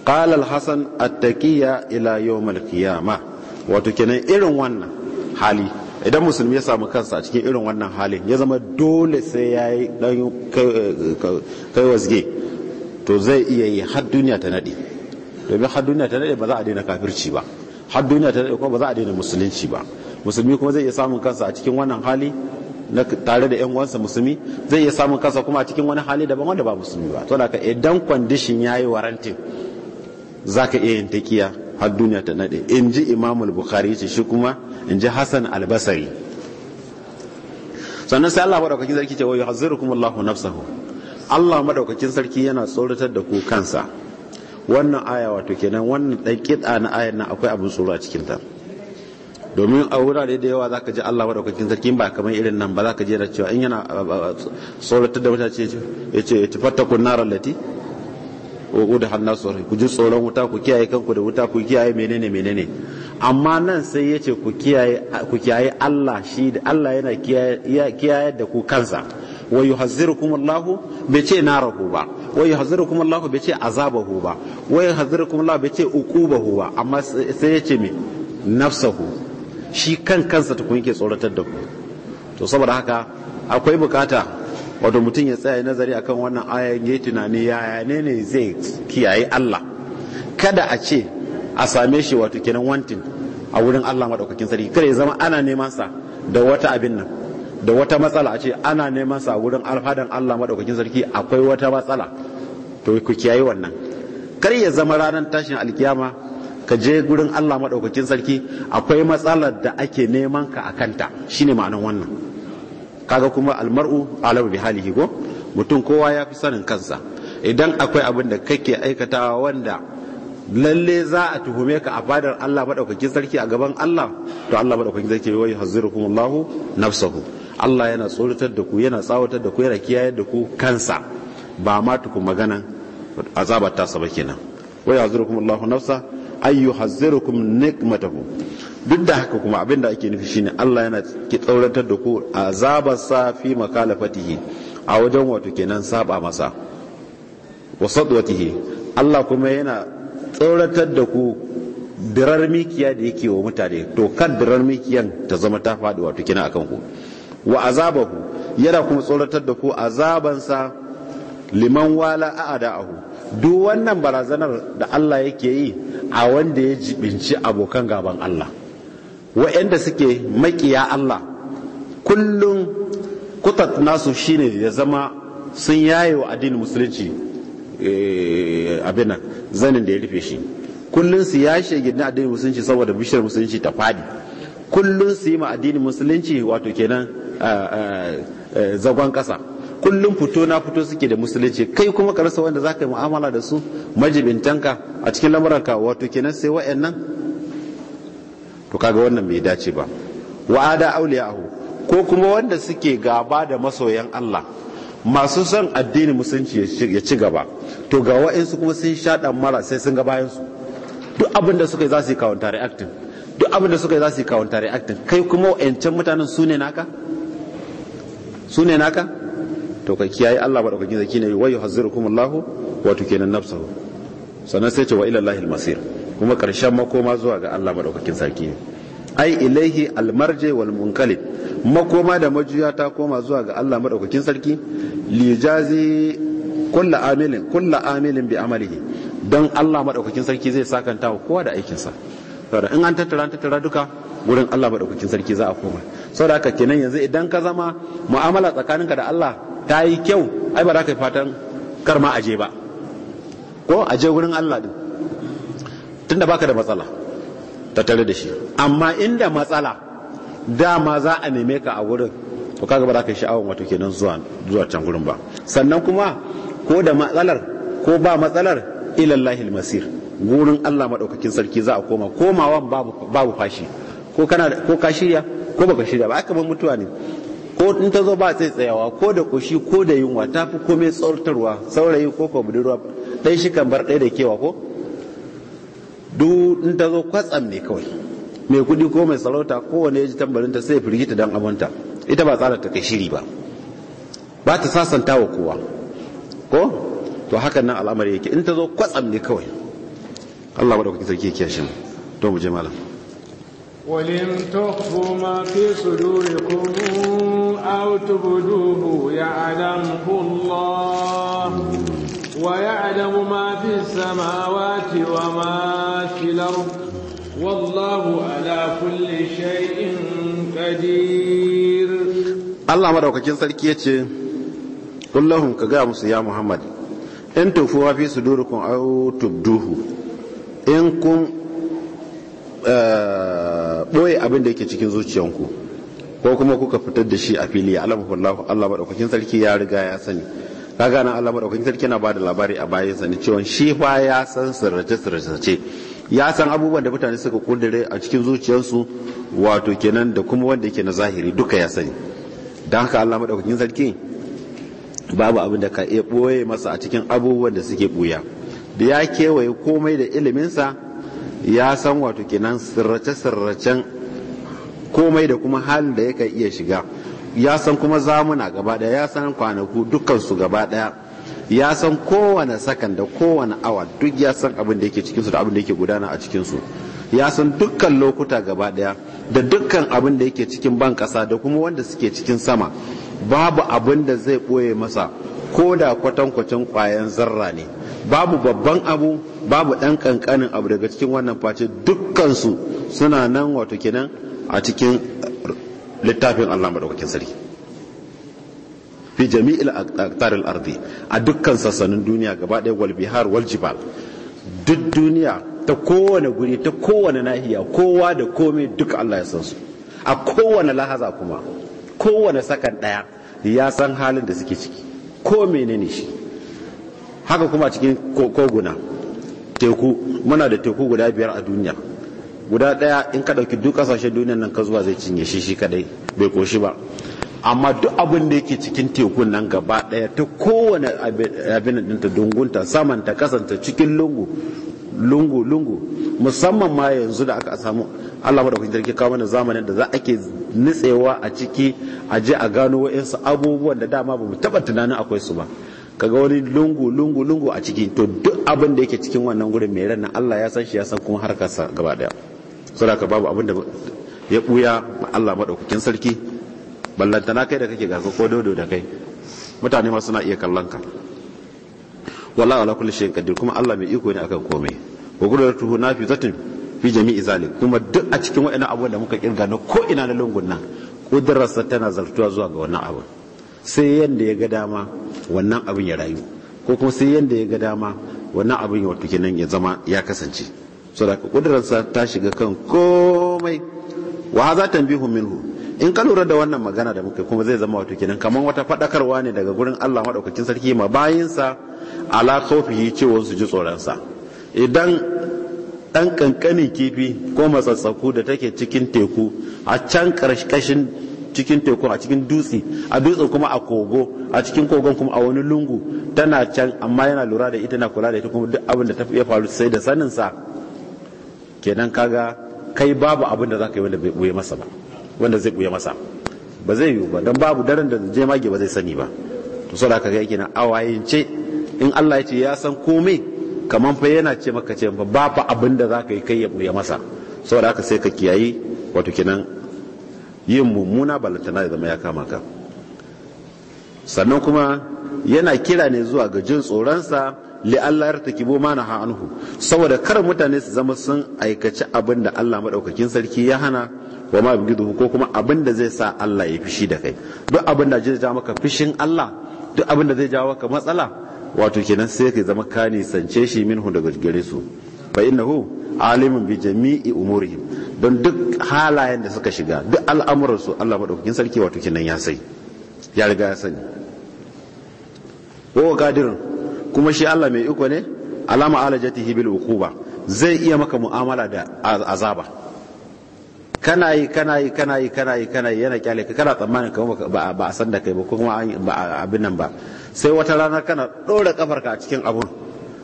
qala al-hasan at taqiya ila yawm al-qiyamah wato kenan irin wannan hali idan musulmi ya samu kansa a cikin irin wannan halin ya zama dole sai ya yi dan kai wasge to zai iya yi har duniya ta nade domin har duniya ta nade ba za a daina kafirci ba har duniya ta nade kuma ba za a daina musulunci ba musulmi kuma zai iya samun kansa a cikin wannan hali na tare da yan uwansa musulmi zai iya samun kansa kuma a cikin wani hali daban wanda ba musulmi ba to da ka idan kwandishin yayi warantin zaka iya yin takiya har duniya ta nade in ji imamul bukhari ce shi kuma in ji hassan albasari sannan sai allah maɗaukakin sarki ce wa yuhazzirukum allahu nafsahu allah maɗaukakin sarki yana tsoratar da ku kansa wannan aya wato kenan wannan ɗan kitsa na ayar nan akwai abin tsoro a cikin ta domin a wurare da yawa zaka ji Allah madaukakin sarki ba kamar irin nan ba zaka ji yana cewa in yana uh, uh, tsoratar da mutane ya ce tafatta kunnar lati wa da hannu tsoron ku ji tsoron wuta ku kiyaye kanku da wuta ku kiyaye menene menene amma nan sai ya ce ku kiyaye Allah shi da Allah yana kiyaye da ku kansa wa yuhazzirukum Allah bai ce narahu ba wa yuhazzirukum Allah bai ce azabahu ba wa yuhazzirukum Allah bai ce uqubahu ba amma sai ya ce me nafsahu shi kan kansa ta kun yake tsoratar da ku to saboda haka akwai bukata wato mutum ya tsaya nazari akan wannan ayan ya tunani yaya ne ne zai kiyaye Allah kada a ce a same shi wato kenan wantin a wurin Allah madaukakin sarki kada ya zama ana neman sa da wata abin nan da wata matsala a ce ana neman sa wurin alfadan Allah madaukakin sarki akwai wata matsala to ku kiyaye wannan kar ya zama ranar tashin alkiyama ka je gurin Allah madaukakin sarki akwai matsalar da ake neman ka a akanta shine ma'anan wannan kaga kuma almar'u alam bi halihi go, mutum kowa ya fi sanin kansa idan akwai abin da kake aikatawa wanda lalle za a tuhume ka a fadar Allah madaukakin sarki a gaban Allah to Allah madaukakin sarki wai hazzirukum Allah nafsahu Allah yana tsoratar da ku yana tsawatar da ku yana kiyaye da ku kansa ba ma tuku magana azabar ta ba kenan wai hazzirukum Allah nafsa ay yuhazzirukum nikmatahu duk da haka kuma abin da ake nufi shine Allah yana ki tsauratar da ku sa fi makalafatihi a wajen wato kenan saba masa wasadwatihi Allah kuma yana tsauratar da ku dirar mikiya da yake wa mutane to kan dirar mikiyan ta zama ta faɗi wato kenan akan ku wa azabahu yana kuma tsoratar da ku sa liman wala a'da'ahu duk wannan barazanar da Allah yake yi a wanda ya jibinci abokan gaban Allah wa'anda suke makiya Allah kullum kutat nasu shine ya zama sun yaye wa addinin musulunci eh, abin zanin da ya rufe shi kullum su shege gidan addinin musulunci saboda bishiyar musulunci ta fadi kullum su yi ma addinin musulunci wato kenan eh, eh, zagon kasa kullum fito na fito suke da musulunci kai kuma karsa wanda za ka yi mu'amala da su majibintanka a cikin lamuranka wato kenan sai wa'annan to kaga wannan bai dace ba wa'ada auliyahu ko kuma wanda suke gaba da masoyan Allah masu son addinin musulunci ya ci gaba to ga wa'insu kuma sun shaɗa mara sai sun ga bayansu duk abin da suka yi za su yi kawanta reacting duk abin da suka yi za su yi kawanta reacting kai kuma wa'ancan mutanen su ne naka su ne naka to ka kiyaye Allah ba daukakin zaki ne wayu hazzirukum Allah wato kenan nafsahu sannan sai ce wa ila Allahil masir kuma ƙarshen makoma zuwa ga Allah maɗaukakin sarki ne ai ilaihi almarje wal munqalib makoma da majuya ta koma zuwa ga Allah maɗaukakin sarki lijazi kulla amilin kulla amilin bi amalihi don Allah maɗaukakin sarki zai sakanta wa kowa da aikinsa saboda in an tattara an tattara duka gurin Allah maɗaukakin sarki za a koma saboda haka kenan yanzu idan ka zama mu'amala tsakaninka da Allah ta yi kyau ai ba za ka yi fatan kar ma aje ba ko aje gurin Allah din tunda baka da matsala tattare da shi amma inda matsala dama za a neme ka a wurin to kaga ba za ka yi sha'awar wato kenan zuwa zuwa can gurin ba sannan kuma ko da matsalar ko ba matsalar ilallahi almasir gurin Allah madaukakin sarki za a koma komawan babu babu fashi ko kana ko ka shirya ko baka shirya ba aka ban mutuwa ne ko in ta zo ba sai tsayawa ko da koshi ko da yunwa ta fi komai tsortarwa saurayi ko ko budurwa dai shi kan bar ɗaya da kewa ko duk in ta zo kwatsam ne kawai mai kudi ko mai salauta, kowane ya ji ta, sai firgita don abinta ita ba tsara ta kai shiri ba ba ta sasanta wa kowa ko to hakan nan al'amari yake in ta zo kwatsam ne kawai Allah ba da kuke sarki yake shi to mu je malam tukhfu ma fi sudurikum aw tubduhu ya'lamu Allah ويعلم ما في السماوات وما في الأرض والله على كل شيء قدير الله مدوكاكين سركي يتي قل لهم كغا musu محمد Muhammad in في صدوركم أو تبدوه tubduhu in boye eh, abin da yake cikin zuciyanku ko kuma kuka fitar da shi a fili alamkullahu Allah madaukakin sarki ya riga ya sani kaga nan Allah madaukakin sarki yana bada labari a bayan sa ne cewa shi fa ya san sirrace sirrace ya san abubuwan da mutane suka kudure a cikin zuciyarsu wato kenan da kuma wanda yake na zahiri duka ya sani don haka Allah madaukakin sarki babu abin da ka iya boye masa a cikin abubuwan da suke buya da ya kewaye komai da iliminsa ya san wato kenan sirrace sirracen komai da kuma halin da yake iya shiga ya san kuma zamuna gaba daya ya san kwanaku dukansu gaba daya ya san kowane sakan da kowane awa duk ya san abin da yake cikinsu da abin da yake gudana a cikinsu ya san dukkan lokuta gaba daya da dukkan abin da yake cikin ban kasa da kuma wanda suke cikin sama babu abin da zai ɓoye masa ko da kwatankwacin kwayan zarra ne babu babban abu babu ɗan ƙanƙanin abu daga cikin wannan face dukkansu suna nan wato kenan a cikin littafin Allah madaukakin sarki fi jami'il aqtaril ardi a dukkan sassanin duniya gaba ɗaya wal bihar wal jibal duk duniya ta kowane guri ta kowane nahiya kowa da komai duk Allah ya san su a kowane lahaza kuma kowane sakan ɗaya ya san halin da suke ciki ko menene shi haka kuma cikin koguna teku muna da teku guda biyar a duniya guda ɗaya in ka ɗauki duk kasashen duniya nan ka zuwa zai cinye shi shi kadai bai koshi ba amma duk abin da yake cikin tekun nan gaba ɗaya ta kowane abin ta dungunta ta kasanta cikin lungu lungu lungu musamman ma yanzu da aka samu Allah madaukakin jirgin kawo mana zamanin da za ake nitsewa a ciki a je a gano wa'insu abubuwan da dama ba mu taɓa tunanin akwai su ba kaga wani lungu lungu lungu a ciki to duk abin da yake cikin wannan gurin mai ran Allah ya san shi ya san kuma harkarsa gaba daya Saraka babu abin da ya buya Allah madaukakin sarki ballantana kai da kake gasa ko dodo da kai mutane ma suna iya kallon ka Wala ala kulli shay'in kuma Allah mai iko ne akan komai wa qudratuhu na fi jami'i zalik kuma duk a cikin wa'annan abubuwan da muka kirga na ko ina na lungun nan kudrarsa tana zartuwa zuwa ga wannan abu sai yanda ya ga dama wannan abin ya rayu ko kuma sai yanda ya ga dama wannan abin ya wato kenan ya zama ya kasance sadaka kudurarsa ta shiga kan komai wa ta bihu minhu in ka lura da wannan magana da muka kuma zai zama wato kenan kamar wata fadakarwa ne daga gurin Allah madaukakin sarki ma bayinsa ala khawfihi cewa su ji tsoronsa idan dan kankanin kifi ko matsatsaku da take cikin teku a can karkashin cikin teku a cikin dutse a dutse kuma a kogo a cikin kogon kuma a wani lungu tana can amma yana lura da ita na kula da ita kuma duk abin da ta iya faru sai da saninsa kenan kaga kai babu abin da zaka yi wanda bai buye masa ba wanda zai buye masa ba zai yiwu ba don babu daren da mage ba zai sani ba to so ka ga kenan awayince in Allah ya ce ya san komai kaman fa yana ce maka ce ba babu abin da zaka yi kai ya buye masa saboda haka sai ka kiyayi wato kenan yin mummuna balantana da zama ya kama ka sannan kuma yana kira ne zuwa ga jin tsoronsa li'alla bo mana ha anhu saboda kar mutane su zama sun aikaci abinda da Allah madaukakin sarki ya hana wa ma bigidu ko kuma abin da zai sa Allah ya fishi da kai duk abin da zai ja maka fishin Allah duk abin zai ja maka matsala wato kenan sai kai zama ka sance shi minhu daga gare su fa innahu alimun bi jami'i umurihim don duk halayen da suka shiga duk al'amuran su Allah madaukakin sarki wato kenan ya sai ya riga ya sani ko qadirun kuma shi Allah mai iko ne alama ta hibil uquba zai iya maka mu'amala da azaba kana yi kana yi kana yi kana yi kana yana kyale ka kana tsammanin ka ba a san da kai ba kuma ba abin nan ba sai wata rana kana dora kafarka a cikin abun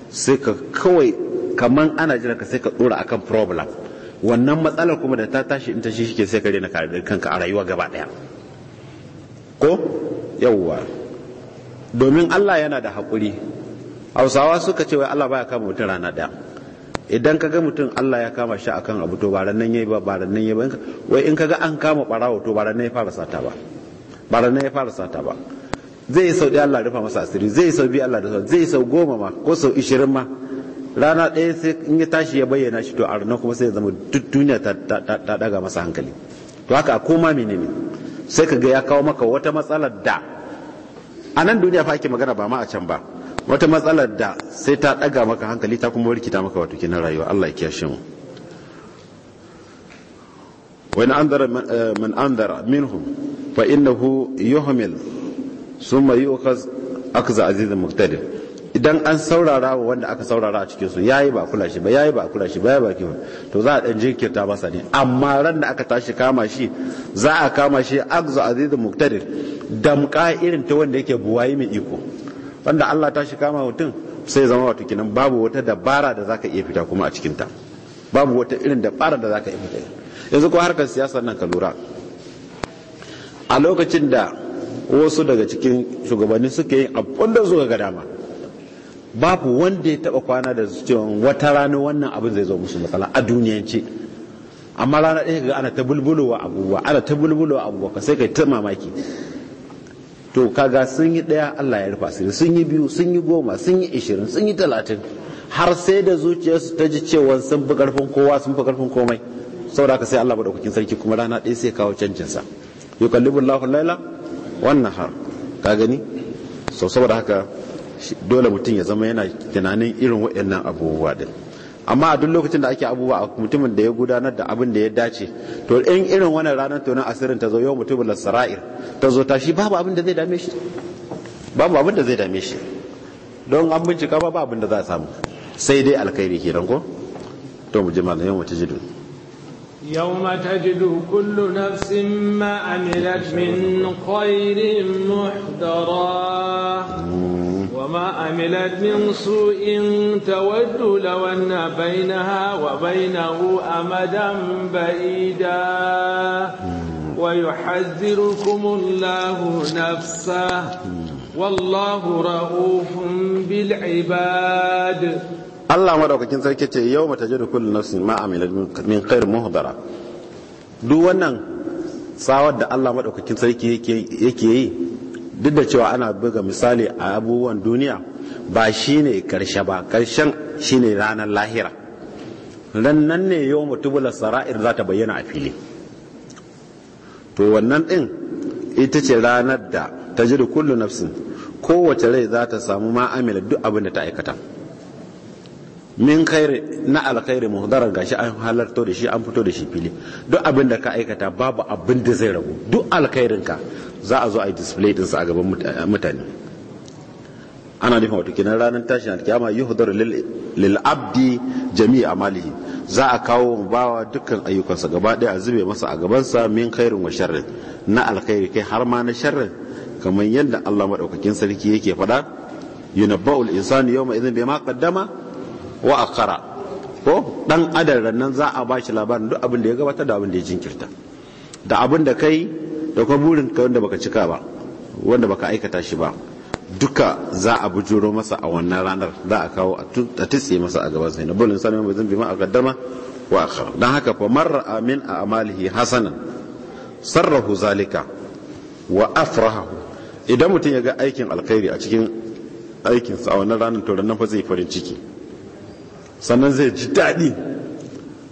sai ka kawai kaman ana jira ka sai ka dora akan problem wannan matsalar kuma da ta tashi in ta shi shike sai ka rena kanka a rayuwa gaba daya ko yawwa domin Allah yana da haƙuri hausawa suka ce wai allah baya kama mutum rana daya idan kaga mutum allah ya kama shi akan abu to baran nan yayi ba baran nan yayi ba wai in kaga an kama barawo to baran nan ya fara sata ba baran nan ya fara sata ba zai sau ɗaya allah rufa masa asiri zai sau biyu allah sau zai sau goma ma ko sau ishirin ma rana ɗaya sai in ya tashi ya bayyana shi to a ranar kuma sai ya zama duk duniya ta daga masa hankali to haka a koma ne sai ka ga ya kawo maka wata matsalar da a nan duniya fa ake magana ba ma a can ba wata matsalar da sai ta daga maka hankali ta kuma rikita maka wato kinan rayuwa Allah ya kiyashe mu wani andara eh, man andara minhum fa innahu yuhmil summa yu'khaz akza azizun muqtadir idan an saurara wa wanda aka saurara a cikin su yayi ba kula shi ba yayi ba kula shi ba yayi ba kiwa to za a dan jinkirta masa ne amma ran da aka tashi kama shi za a kama shi akza azizun muqtadir damka irin ta wanda yake buwayi mai iko banda Allah ta shi kama mutum sai zama wato kinan babu wata dabara da zaka iya fita kuma a cikin ta babu wata irin dabara da zaka iya fita yanzu ko harkar siyasa nan ka lura a lokacin da wasu daga cikin shugabanni suke yin abin da zuwa ga dama babu wanda ya taba kwana da su cewa wata rana wannan abin zai zo musu matsala a duniyance amma rana ɗaya ga ana ta bulbulowa abubuwa ana ta bulbulowa abubuwa sai ka kai ta mamaki to kaga sun yi ɗaya Allah ya rufa sirri sun yi biyu sun yi goma sun yi ishirin sun yi talatin har sai da zuciyarsu ta ji cewa sun fi karfin kowa sun fi karfin komai saboda ka sai Allah madaukakin sarki kuma rana ɗaya sai kawo canjin sa yukallibu Allahu laila wannan har ka gani so saboda haka dole mutum ya zama yana tunanin irin waɗannan abubuwa din amma a duk lokacin da ake abubuwa a mutumin da ya gudanar da abin da ya dace to in irin wannan ranar to nan asirin ta zo yau mutumin lasara'ir ta zo tashi babu abin da zai dame shi babu abin da zai dame shi don an bincika ba abin da za a samu sai dai alkhairi kenan ko to mu ji yau mutu jidu dun يوم تجد كل نفس ما عملت من خير محضرا وما عملت من سوء تود لو أن بينها وبينه أمدا بعيدا ويحذركم الله نفسه والله رؤوف بالعباد Allah madaukakin sarki ce yau mata jadu kullu nafsin ma amilat min khair muhdara duk wannan tsawar da Allah madaukakin sarki yake yi duk da cewa ana buga misali a abubuwan duniya ba shi karshe ba karshen shine ranar lahira nan ne yau mutubula sara'ir za ta bayyana a fili to wannan ɗin ita ce ranar da ta ji da kullu nafsin kowace rai za ta samu ma'amila duk abin da ta aikata min khairi na alkhairi muhdarar gashi an halarto da shi an fito da shi fili duk abin da ka aikata babu abin da zai ragu duk alkhairinka za a zo a yi display ɗinsa a gaban mutane ana nufin wato kenan ranar tashin yi yuhdar lil abdi jami'a malihi za a kawo bawa dukkan ayyukansa gaba ɗaya a zube masa a gabansa min khairin wa sharrin na alkhairi kai har ma na sharrin kamar yadda Allah madaukakin sarki yake faɗa yunabba'ul insanu yawma idhin ma qaddama wa akhara ko dan adar nan za a bashi labarin duk abin da ya gabata da abin da ya jinkirta da abin da kai Daukar burin ka wanda baka cika ba wanda baka aikata shi ba duka za a bujuro masa a wannan ranar za a kawo a tutse masa a gaban sai na bulin sanin mai zumbi ma a kaddama wa akhar dan haka fa marra amin a amalihi hasanan sarrahu zalika wa afrahu idan mutum ya ga aikin alkhairi a cikin aikinsa a wannan ranar to nan fa zai farin ciki sannan zai ji daɗi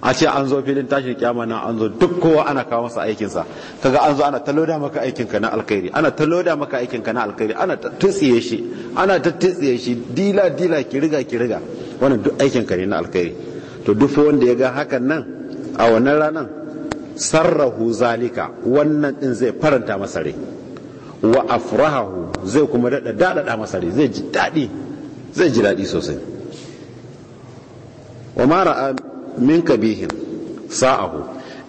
a ce an zo filin tashin kyama na an zo duk kowa ana kawo masa aikinsa kaga an zo ana taloda maka aikinka na alkhairi ana taloda maka aikinka na alkhairi ana tsiye shi ana tsiye shi dila dila ki riga ki riga wannan duk aikinka ne na alkhairi to duk wanda ya ga hakan nan a wannan ranan sarrahu zalika wannan din zai faranta masa rai wa afrahahu zai kuma dada dada masa rai zai ji dadi zai ji dadi sosai wa mara min kabihin sa'ahu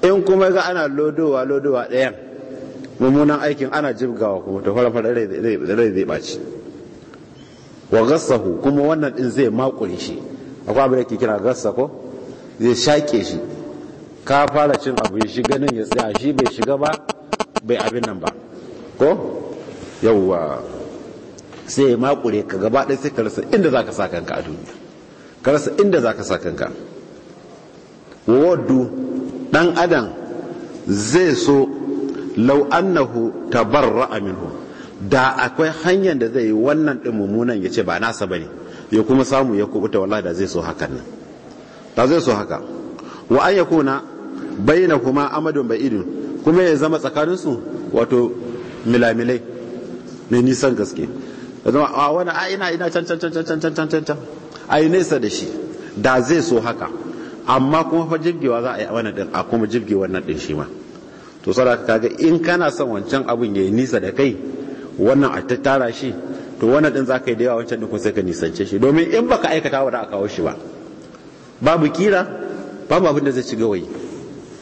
in kuma ga ana lodowa lodowa ɗayan mummunan aikin ana jibgawa kuma to fara fara rai zai ɓaci wa gassahu kuma wannan din zai makure shi akwai abin da ke kira gassa ko zai shaƙe shi ka fara cin abu ya shiga nan ya tsaya shi bai shiga ba bai abin nan ba ko yauwa sai ya makure ka gaba ɗaya sai ka rasa inda za ka sa kanka a duniya ka rasa inda za ka sa kanka wadu dan adam zai so lau annahu tabarra'a minhu da akwai hanyar da zai yi wannan din mummunan ya ce ba nasa bane ya kuma samu ya kubuta wallahi da zai so hakan nan da zai so haka wa an yakuna bayyana kuma amadun idin kuma ya zama tsakaninsu wato milamilai mai nisan gaske ya zama a wani a ina ina can a nesa da shi da zai so haka amma kuma fa jibgewa za a yi wannan din a kuma jibge wannan din shi ma to saboda kaga in kana son wancan abun yi nisa da kai wannan a tattara shi to wannan din ka yi da yawa wancan din kuma sai ka nisance shi domin in baka aikata ba da a kawo shi ba babu kira babu abin da zai ci gawayi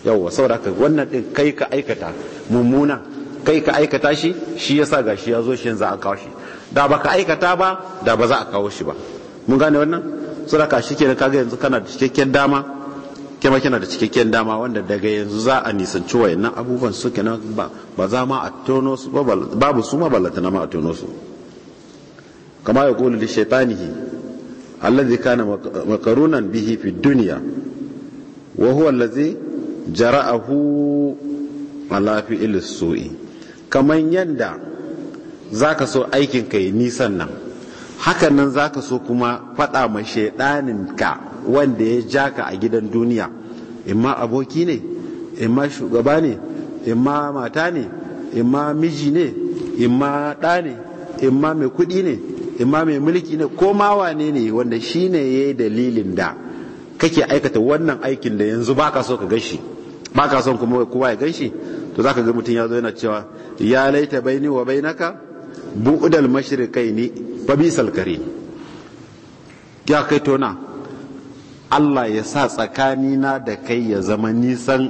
yawwa saboda ka wannan din kai ka aikata mummuna kai ka aikata shi shi yasa gashi ya zo shi yanzu a kawo shi da baka aikata ba da ba za a kawo shi ba mun gane wannan suraka shi kenan kaga yanzu kana da cikakken dama kema kina da cikakken dama wanda daga yanzu za a nisanci wayannan abubuwan su kenan ba ba za ma a tono su babu su ma ballata na ma a tono su kama ya kulu li shaitanihi alladhi kana makarunan bihi fi dunya wa huwa allazi jara'ahu ala fi'il su'i kaman yanda zaka so aikin kai nisan nan hakanan nan za ka so kuma faɗa ma shaidaninka wanda ya ja ka a gidan duniya imma aboki ne imma shugaba ne imma mata ne imma miji ne imma ɗa ne imma mai kuɗi ne imma mai mulki ne ko ma wane ne wanda shi ne ya yi dalilin da kake aikata wannan aikin da yanzu baka so ka gashi baka son kuma kowa ya gashi to za ka ga mutum ya zo yana cewa ya laita baini wa bainaka bu'udal mashriqaini babisal kare ya kai tona Allah ya sa tsakanina da kai ya zama nisan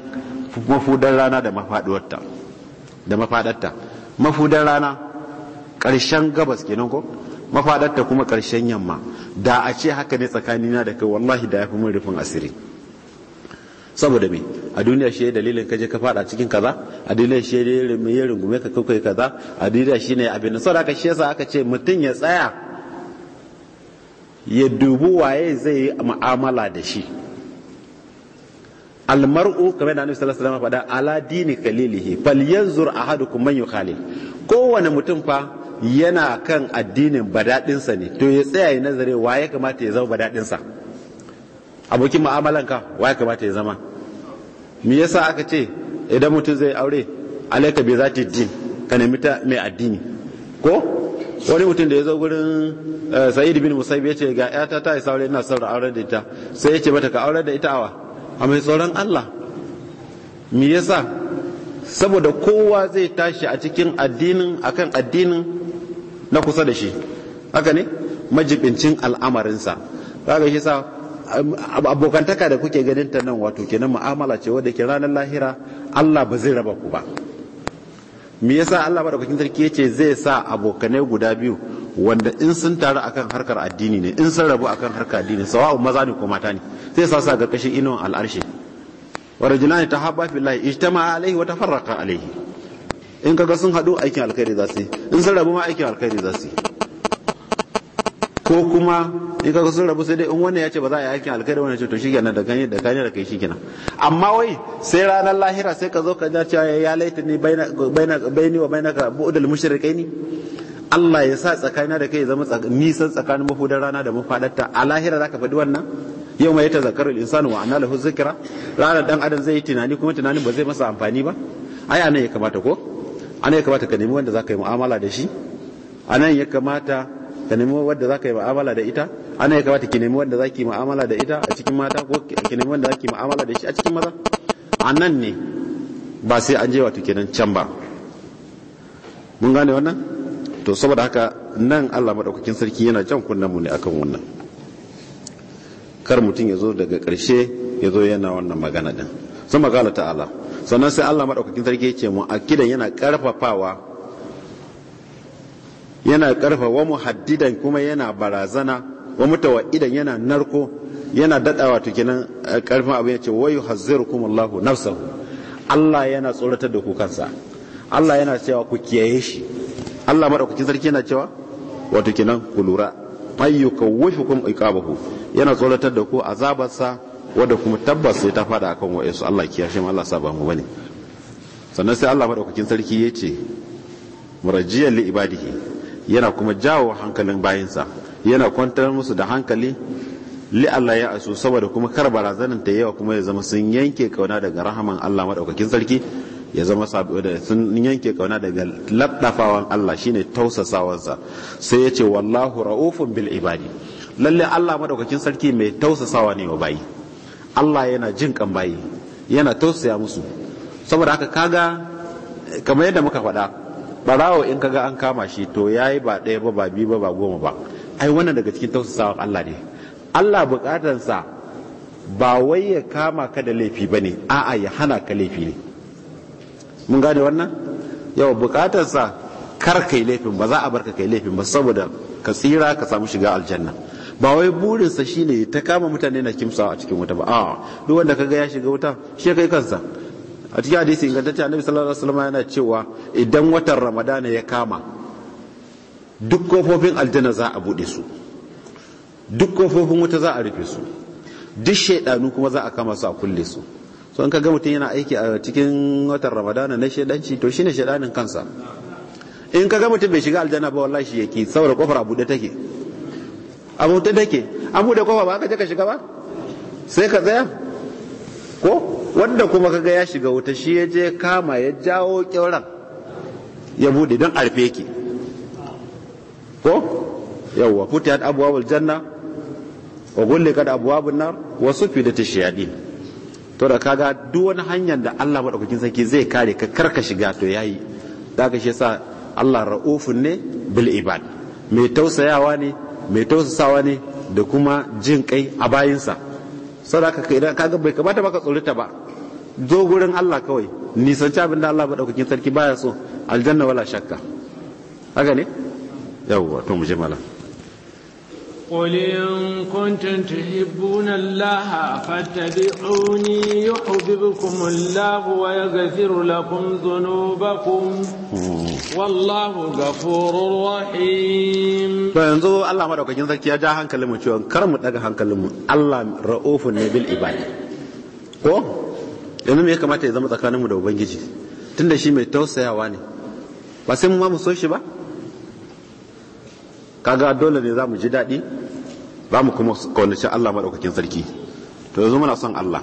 mafudan rana da mafadatta da mafudan rana ƙarshen gabas kenan ko mafadatta kuma ƙarshen yamma da a ce haka ne tsakanina da kai wallahi da ya fi mun rufin asiri saboda me a duniya shi dalilin kaje ka fada cikin kaza a duniya shi dalilin ya rungume ka kai kaza a duniya shi ne abin saboda da shi yasa aka ce mutum ya tsaya ya dubu waye zai yi mu'amala da shi almar'u kamar da annabi sallallahu alaihi wasallam faɗa ala dini kalilihi hadu ahadukum man yukhalil kowane mutum fa yana kan addinin badadinsa ne to ya tsaya ya nazare waye kamata ya zama badadinsa abokin wa ya kamata ya zama me yasa aka ce idan mutum zai aure alaita bai zati din ka nemi ta mai addini ko wani mutum da ya zo gurin eh, sa'id bin musaib ya ce ga yata ta isa aure ina son aure da ita sai ya ce mata ka aure da ita awa a mai tsoron Allah me yasa saboda kowa zai tashi a cikin addinin akan addinin na kusa da shi haka ne majibincin al'amarinsa kaga shi sa abokantaka da kuke ganin ta nan wato kenan mu'amala ce wadda ke ranar lahira Allah ba zai raba ku ba me yasa Allah madaukakin sarki yace zai sa abokanai guda biyu wanda in sun taru akan harkar addini ne in sun rabu akan harkar addini sawa'u maza ne ko mata ne zai sa sa garkashin inuwan al'arshi wa rajulani tahabba fillahi ijtama'a alaihi wa tafarraqa alaihi in kaga sun hadu aikin alkhairi za su yi in sun rabu ma aikin alkhairi za su yi ko kuma in kaga sun rabu sai dai in wannan ya ce ba za a yi aikin alkhairi wannan ce to shikenan da kanye da kanye da kai shikenan amma wai sai ranar lahira sai ka zo ka ce ya laita ni baina baina baini wa ka bu'dul mushrikaini Allah ya sa tsakanina da kai ya zama nisan tsakanin mafudan rana da mafadarta a lahira zaka faɗi wannan yau mai tazakkaru insanu wa anna lahu zikra ranar dan adam zai yi tunani kuma tunanin ba zai masa amfani ba ai anan ya kamata ko anan ya kamata ka nemi wanda zaka yi mu'amala da shi anan ya kamata ka nemi wadda za ka yi ma'amala da ita ana ya kamata ki nemi wadda za ki ma'amala da ita a cikin mata ko ki nemi wadda za ki ma'amala da shi a cikin maza a nan ne ba sai an je wato kenan can ba mun gane wannan to saboda haka nan Allah madaukakin sarki yana jan kunnen mu ne akan wannan kar mutum ya zo daga ƙarshe ya zo yana wannan magana din sun magana ta'ala sannan sai Allah madaukakin sarki ya ce mu akidan yana karfafawa yana karfa wa haddidan kuma yana barazana wa mutawaidan yana narko yana dadawa to kenan karfin eh, abin yace wayu yuhazzirukum Allahu nafsahu Allah yana tsoratar da ku kansa Allah yana cewa ku kiyaye shi Allah madaukakin sarki yana cewa wato kenan ku lura ayyukawwifukum iqabahu yana tsoratar da ku azabarsa wanda kuma tabbas sai ta fada akan wa'insu Allah kiyashe mu Allah saba mu bane sannan sai Allah madaukakin sarki yace murajjiyan li ibadihi yana kuma jawo hankalin bayinsa yana kwantar musu da hankali li Allah ya asu saboda kuma kar barazanin ta yawa kuma ya zama sun yanke kauna daga rahaman Allah madaukakin sarki ya zama saboda sun yanke kauna daga laddafawan Allah shine tausasawansa sai ya ce wallahu raufun bil ibadi lalle Allah madaukakin sarki mai tausasawa ne wa bayi Allah yana jin kan bayi yana tausaya musu saboda haka kaga kamar yadda muka faɗa barawo in kaga an kama shi to yayi ba ɗaya ba ba biyu ba ba goma ba ai wannan daga cikin tausasawa Allah ne Allah bukatarsa ba wai ya kama ka da laifi bane a'a ya hana ka laifi ne mun gane wannan yawa bukatarsa kar kai laifin ba za a bar ka kai laifin ba saboda ka tsira ka samu shiga aljanna ba wai burinsa shine ta kama mutane na kimsawa a cikin wuta ba a duk wanda kaga ya shiga wuta shi kai kansa a cikin hadisi ingantacce annabi sallallahu alaihi wasallam yana cewa idan watan ramadana ya kama duk kofofin aljanna za a bude su duk kofofin wuta za a rufe su duk shaidanu kuma za a kama su a kulle su so in ka ga mutum yana aiki a cikin watan ramadana na shaidanci to shine shaidanin kansa in ka ga mutum bai shiga aljanna ba wallahi shi yake saboda kofar a bude take a bude take an bude kofa ba ka je ka shiga ba sai ka tsaya ko wanda kuma kaga ya shiga wuta shi ya je kama ya jawo kyauran ya bude don arfe ki ko yawwa yadda abwabul janna wa gullikat abwabun nar wa da ta shayatin to da kaga duk wani hanyar da Allah maɗaukakin sarki zai kare ka karka shiga to yayi daga shi sa Allah ra'ufun ne bil ibad mai tausayawa ne mai tausasawa ne da kuma jin kai a bayinsa da ka idan kaga bai kamata baka tsorita ba zo gurin Allah kawai nisanci abin da Allah madaukakin sarki baya so aljanna wala shakka haka ne yawwa to mu je malam قل إن كنتم تحبون الله فاتبعوني يحببكم الله ويغفر لكم ذنوبكم والله غفور رحيم فينظروا الله مرة كجن ذكي يا جاهن كلمة شو كرم تلقى هن كلمة الله رؤوف بالعباد ko yanzu me ya kamata ya zama tsakaninmu da ubangiji tunda shi mai tausayawa ne ba sai kaga dole ne za mu ji daɗi za mu kuma kaunaci Allah maɗaukakin sarki to yanzu muna son Allah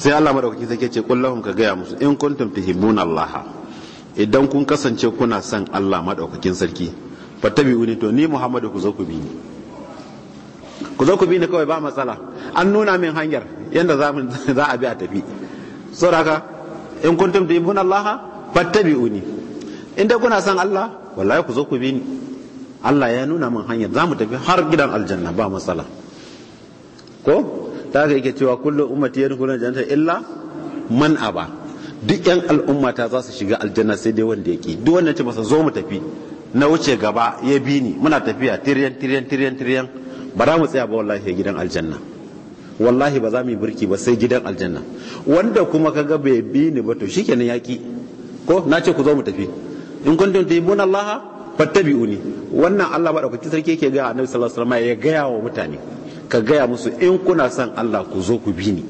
sai Allah maɗaukakin sarki ce kullahum ka gaya musu in kuntum tuhibbuna Allah idan kun kasance kuna son Allah maɗaukakin sarki fattabi'uni to ni Muhammadu ku zo ku bi ni ku zo ku bi ni kawai ba matsala an nuna min hanyar yadda za a bi a tafi saboda in kuntum tuhibbuna Allah fattabi'uni in dai kuna son Allah wallahi ku zo ku bi ni Allah ya nuna min hanyar za mu tafi har gidan aljanna ba matsala ko ta ga yake cewa kullum ummati yadkhuluna aljanna illa man aba duk yan al'umma ta za su shiga aljanna sai dai wanda yake duk wanda ce masa zo mu tafi na wuce gaba ya bi ni muna tafiya tiryan tiryan tiryan tiryan ba za mu tsaya ba wallahi gidan aljanna wallahi ba za mu yi birki ba sai gidan aljanna wanda kuma kaga bai bi ni ba to shikenan yaki ko na ce ku zo mu tafi in ibn tuhibbunallaha fattabi'uni wannan Allah madaukakin sarki yake ga Annabi sallallahu alaihi wasallam ya gaya wa mutane ka gaya musu in kuna son Allah ku zo ku bi ni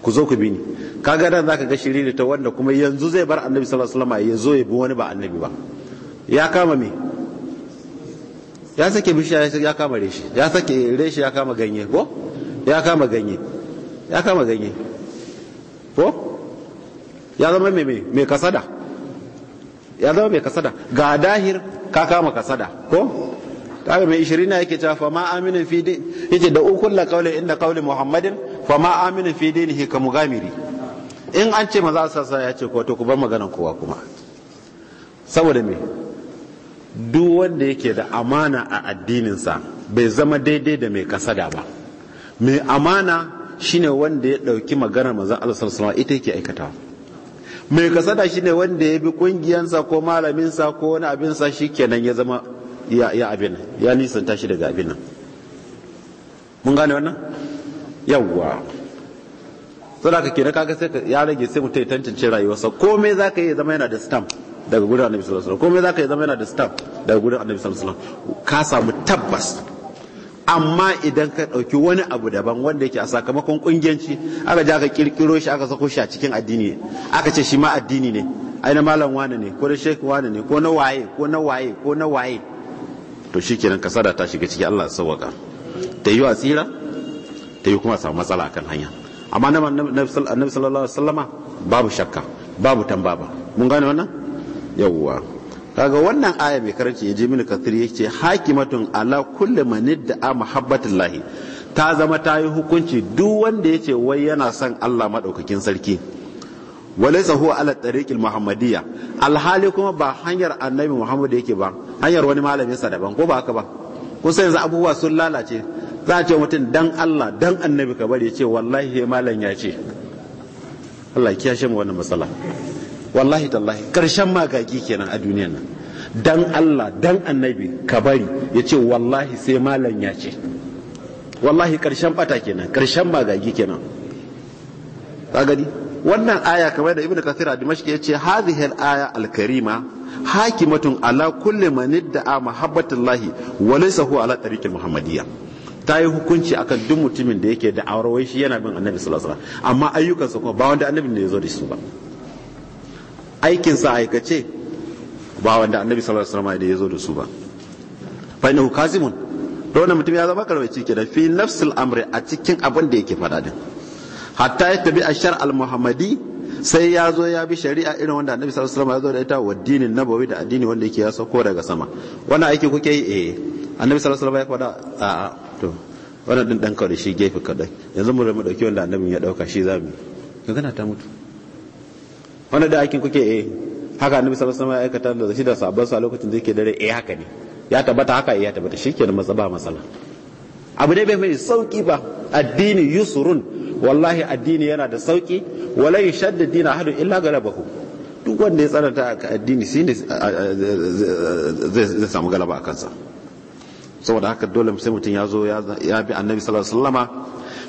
ku zo ku bi ni kaga dan zaka ga shiriri ta wanda kuma yanzu zai bar Annabi sallallahu alaihi wasallam ya zo ya bi wani ba Annabi ba ya kama me ya sake bishiya ya kama reshi ya sake reshi ya kama ganye ko ya kama ganye ya kama ganye ko ya zama mai kasada ya zama mai kasada ga dahir ka kama kasada ko kaga mai 20 na yake cewa fa ma aminu fi din yace da ukul la qawli inda qawli muhammadin fa ma aminu fi dinihi ka mugamiri in an ce maza sassa ya ce ko to ku bar maganar kowa kuma saboda me duk wanda yake da amana a addininsa bai zama daidai da mai kasada ba mai amana shine wanda ya dauki maganar maza Allah sallallahu alaihi ita yake aikatawa mai kasada ne wanda ya bi kungiyansa ko malaminsa ko wani abinsa shi kenan ya zama ya abin ya nisanta shi daga abin nan mun gane wannan yawwa saboda ka kenan kaga sai ya rage sai mutai ya tantance rayuwarsa komai ka yi zama yana da stamp daga gurin annabi sallallahu alaihi wasallam komai ka yi zama yana da stamp daga gurin annabi sallallahu alaihi wasallam ka samu tabbas amma idan ka ɗauki wani abu daban wanda yake a sakamakon ƙungiyanci aka ja ka ƙirƙiro shi aka sako shi a cikin addini aka ce shi ma addini ne ai malam wani ne ko na sheik wani ne ko na waye ko na waye ko na waye to shikenan sada ta shiga ciki Allah sauwaka ta yi wa ta yi kuma samu matsala akan hanya amma na annabi sallallahu alaihi wasallama babu shakka babu tambaba mun gane wannan yawwa kaga wannan aya mai karanci ya je mini kathir ya ce hakimatun ala kulli manid da a muhabbatullahi ta zama ta yi hukunci duk wanda ya ce wai yana son Allah maɗaukakin sarki walaisa huwa ala tariqil muhammadiyya alhali kuma ba hanyar annabi muhammad yake ba hanyar wani malamin sa daban ko ba haka ba kusa yanzu abubuwa sun lalace za a ce mutum dan Allah dan annabi ka bari ya ce wallahi malam ya ce Allah ya kiyashe mu wannan matsala wallahi tallahi karshen magagi kenan a duniyan nan dan Allah dan annabi ka bari ya ce wallahi sai malam ya ce wallahi karshen bata kenan karshen magagi kenan ka gani wannan aya kamar da ibnu kathir dimashq ya ce hadhihi al-aya al-karima hakimatun ala kulli man a mahabbatullahi wa laysa huwa ala tariqil muhammadiyya ta yi hukunci akan duk mutumin da yake da aure shi yana bin annabi sallallahu alaihi wasallam amma ayyukansa kuma ba wanda annabi ne ya zo da su ba aikin sa aikace ba wanda annabi sallallahu alaihi wasallam ya zo da su ba fa inahu kazimun to wannan mutum ya zama karwaci ke da fi nafsil amri a cikin abin da yake faɗa din hatta ya tabi ashar al-muhammadi sai ya zo ya bi shari'a irin wanda annabi sallallahu alaihi wasallam ya zo da ita wa dinin nabawi da addini wanda yake ya sauko daga sama wannan aiki kuke yi eh annabi sallallahu alaihi wasallam ya faɗa a'a to wannan din dan kawai shi gefe kadai yanzu mu mu dauki wanda annabi ya dauka shi zamu magana ta mutu wanda da aikin kuke eh haka annabi sallallahu alaihi wasallam ya aikata da shi da sabon sa lokacin da yake dare eh haka ne ya tabbata haka eh ya tabbata shikenan matsa ba matsala abu ne bai mai sauki ba addini yusurun wallahi addini yana da sauki wala yashadda dina hadu illa galabahu duk wanda ya tsananta a addini shi ne zai samu galaba a kansa saboda haka dole sai mutum ya zo ya bi annabi sallallahu alaihi wasallama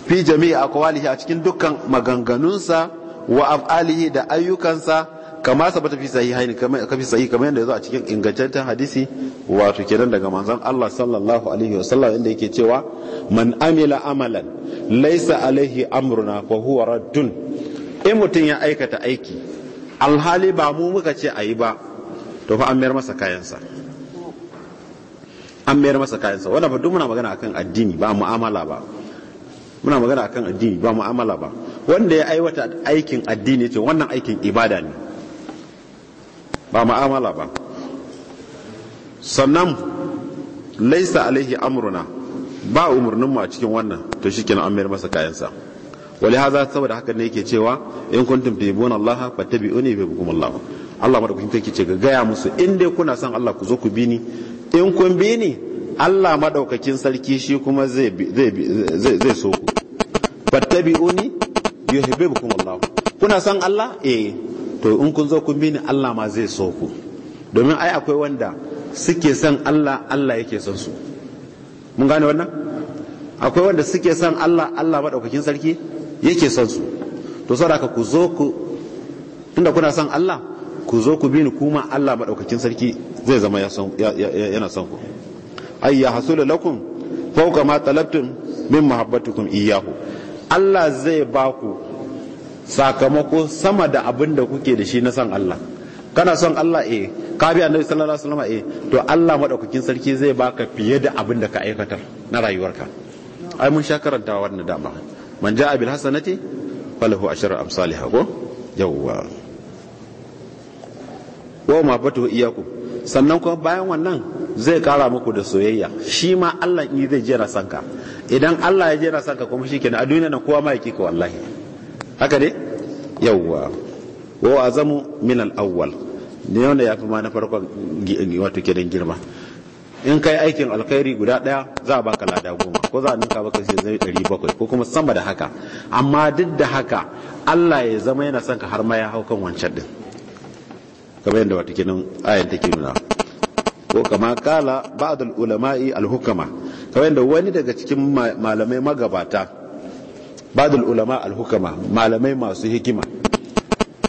fi jami'a aqwalihi a cikin dukkan maganganunsa wa af'alihi da ayyukansa kama sabata fi sahihaini kafi sahihi kamar yadda yazo a cikin ingantaccen hadisi wato kenan daga manzon Allah sallallahu alaihi wa sallam inda yake cewa man amila amalan laysa alaihi amruna fa huwa raddun in mutum ya aikata aiki alhali ba mu muka ce ayi ba to fa an mayar masa kayansa an mayar masa kayansa wanda ba duk muna magana akan addini ba mu'amala ba muna magana akan addini ba mu'amala ba wanda ya aiwata aikin addini ce wannan aikin ibada ne ba ma'amala ba sannan laisa alaihi amruna ba umarninmu a cikin wannan to kenan an mayar masa kayansa wali haza saboda haka ne yake cewa in kuntum tuhibbuna allaha fattabi'uni yuhibbukum allah Allah madaukakin sarki ce ga gaya musu in dai kuna son Allah ku zo ku bi ni in kun bi ni Allah madaukakin sarki shi kuma zai zai so ku fattabi'uni yuhibbukum Allah kuna son Allah eh to in kun zo kun bi ni Allah ma zai so ku domin ai akwai wanda suke son Allah Allah yake son su mun gane wannan akwai wanda suke son Allah Allah madaukakin sarki yake son su to saboda ku zo ku tunda kuna son Allah ku zo ku bi ni kuma Allah madaukakin sarki zai zama yana son ku ayya ya lakum fawqa ma talabtum min mahabbatikum iyyahu Allah zai ba ku sakamako sama da abin da kuke da shi na son Allah kana son Allah eh ka bi annabi sallallahu alaihi wasallam eh to Allah madaukakin sarki zai baka fiye da abin da ka aikatar na rayuwarka ai mun sha wannan dama man ja'a bil hasanati falahu asharu amsalihago yawwa wa ma fatu iyakum sannan kuma bayan wannan zai kara muku da soyayya shi ma Allah in zai jera sanka idan Allah ya jera sanka kuma shi kenan a duniya na kowa ma yake ka wallahi haka ne yawwa wa azamu min al-awwal ne wanda yafi ma na farkon wato kenan girma in kai aikin alkhairi guda daya za a baka lada goma ko za a ninka baka sai zai dari bakwai ko kuma sama da haka amma duk da haka Allah ya zama yana sanka har ma ya hau kan wancan din kamar yadda wata kinin ayan ke nuna ko kama kala ba'd ulama'i alhukama kamar yadda wani daga cikin malamai magabata ba'd ulama alhukama malamai masu hikima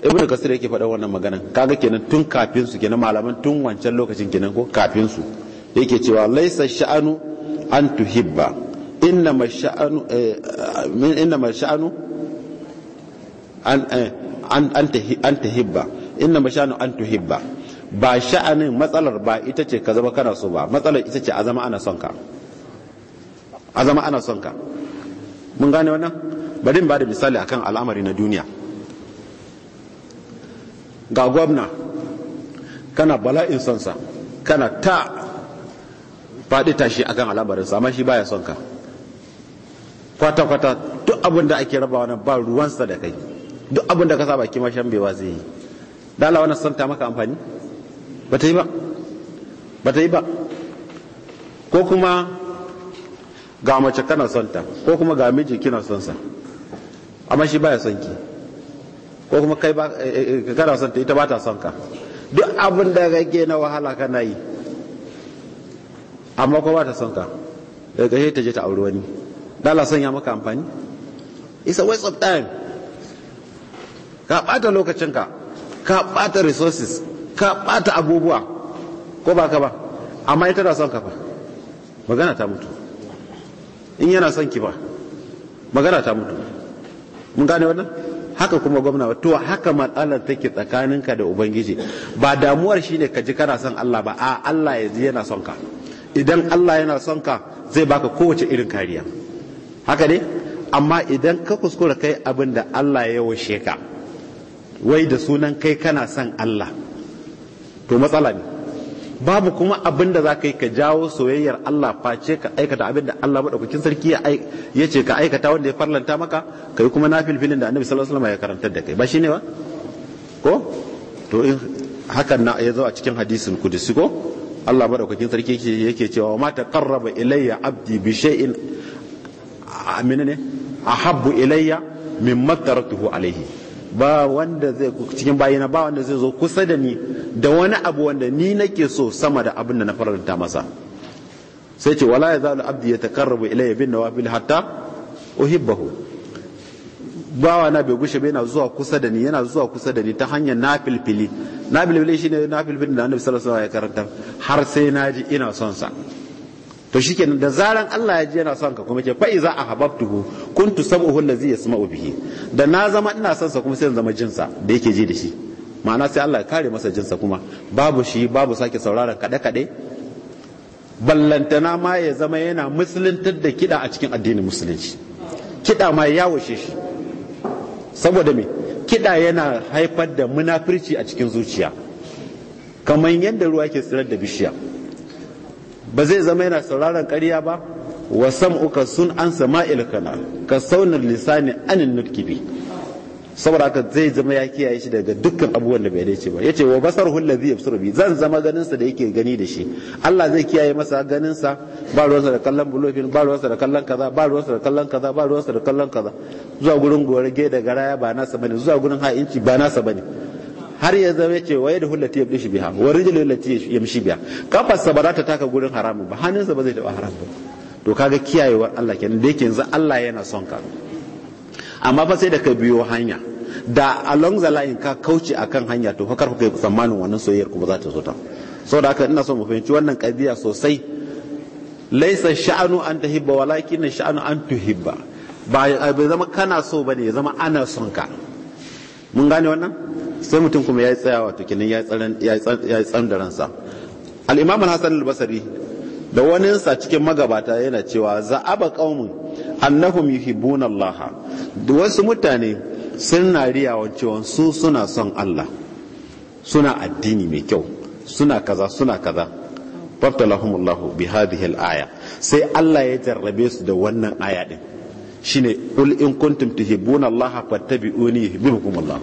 ibnu kasir yake faɗa wannan magana kaga kenan tun kafin su kenan malaman tun wancan lokacin kenan ko kafin su yake cewa laisa sha'anu an tuhibba innama sha'anu eh, sha'anu an eh, an an inna mashanu an tuhibba ba sha'anin matsalar ba ita ce ka zama kana so ba matsalar ita ce a zama ana son ka a zama ana son ka mun gane wannan bari ba da misali akan al'amari na duniya ga gwamna kana bala'in sonsa kana ta faɗi tashi akan al'amarinsa amma shi baya son ka kwata-kwata duk abin da ake rabawa na ba ruwansa da kai duk abin da ka saba kima shan bewa zai yi da Allah wannan santa maka amfani ba ta yi ba ba ta yi ba ko kuma ga mace kana santa ko kuma ga miji kina son sa amma shi baya son ki ko kuma kai ba eh, eh, eh, kana son ta ita ba ta son ka duk abin da kake na wahala kana yi amma ko ba ta son ka daga gashe ta je ta auri wani da son ya maka amfani it's a waste of time ka bata lokacinka ka bata resources ka bata abubuwa ko ba ka ba amma ita da son ka fa magana ta mutu in yana son ki ba magana ta mutu mun gane wannan haka kuma gwamna to haka matsalar take tsakaninka da ubangiji ba damuwar shine ka ji kana son Allah ba a Allah ya ji yana son ka idan Allah yana son ka zai baka kowace irin kariya haka ne amma idan ka kuskura kai abin da Allah ya washe ka wai da sunan kai kana son Allah to matsala ne babu kuma abin da za ka yi ka jawo soyayyar Allah face ka aikata abin da Allah maɗaukakin sarki ya ce ka aikata wanda ya farlanta maka ka yi kuma na filfilin da annabi sallallahu alaihi ya karantar da kai ba shi ne ba ko to in hakan na ya zo a cikin hadisin kudusi ko Allah maɗaukakin sarki yake cewa ma ta qarraba ilayya abdi bi shay'in amina ne ahabbu ilayya mimma taratuhu alaihi ba wanda zai cikin bayina ba wanda zai zo kusa da ni da wani abu wanda ni nake so sama da abin da na faranta masa sai ce wala ya yazalu abdi yatakarrabu ilayya bin nawafil hatta uhibbahu bawa na bai gushe bai yana zuwa kusa da ni yana zuwa kusa da ni ta hanyar nafilfili nafilfili shine nafilfili da annabi sallallahu alaihi wasallam ya karanta har sai naji ina son sa to shi kenan da zaran Allah ya ji yana son ka kuma ke fa iza ahabbtuhu kuntu sam'uhu allazi yasma'u bihi da na zama ina son sa kuma sai zama jinsa da yake ji da shi ma'ana sai Allah ya kare masa jinsa kuma babu shi babu sake sauraron kade kade ballantana ma ya zama yana musuluntar da kiɗa a cikin addinin musulunci kiɗa ma ya washe shi saboda me kiɗa yana haifar da munafurci a cikin zuciya kamar yadda ruwa ke tsirar da bishiya ba zai zama yana sauraron ƙarya ba wa uka sun an sama'il kana ka saunar lisani anin nutkibi saboda haka zai zama ya kiyaye shi daga dukkan abubuwan da bai dace ba yace wa basar hullazi yabsuru bi zan zama ganin sa da yake gani da shi Allah zai kiyaye masa ganin sa ba ruwan sa da kallon bulofin ba ruwan sa da kallon kaza ba ruwan sa da kallon kaza ba ruwan sa da kallon kaza zuwa gurin ge da garaya ba nasa bane zuwa gurin ha'inci ba nasa bane har ya zama yace waye da hulati ya bishi biha wa rijlul lati yamshi biha kafarsa ba za ta taka gurin haramun ba hannunsa ba zai taba haram ba to kaga kiyayewar Allah kenan da yake yanzu Allah yana son ka amma fa sai da ka biyo hanya da along the line ka kauce akan hanya to fa kai tsammanin wannan soyayyar ku ba za ta zo ta saboda haka ina so mu fahimci wannan kadiya sosai laisa sha'anu an tahibba walakin sha'anu an tuhibba ba zama kana so bane ya zama ana son ka mun gane wannan sai mutum kuma ya yi tsayawa to kenan ya yi da ransa. al'imamun hassan albasari da waninsa cikin magabata yana cewa za'aba qaumun annahum yuhibbuna Allah wasu mutane suna riyawa cewa su suna son Allah suna addini mai kyau suna kaza suna kaza faftalahumullahu bi hadhihi al-aya sai Allah ya jarrabe su da wannan aya din shine qul in kuntum tuhibbuna Allah fattabi'uni yuhibbukum Allah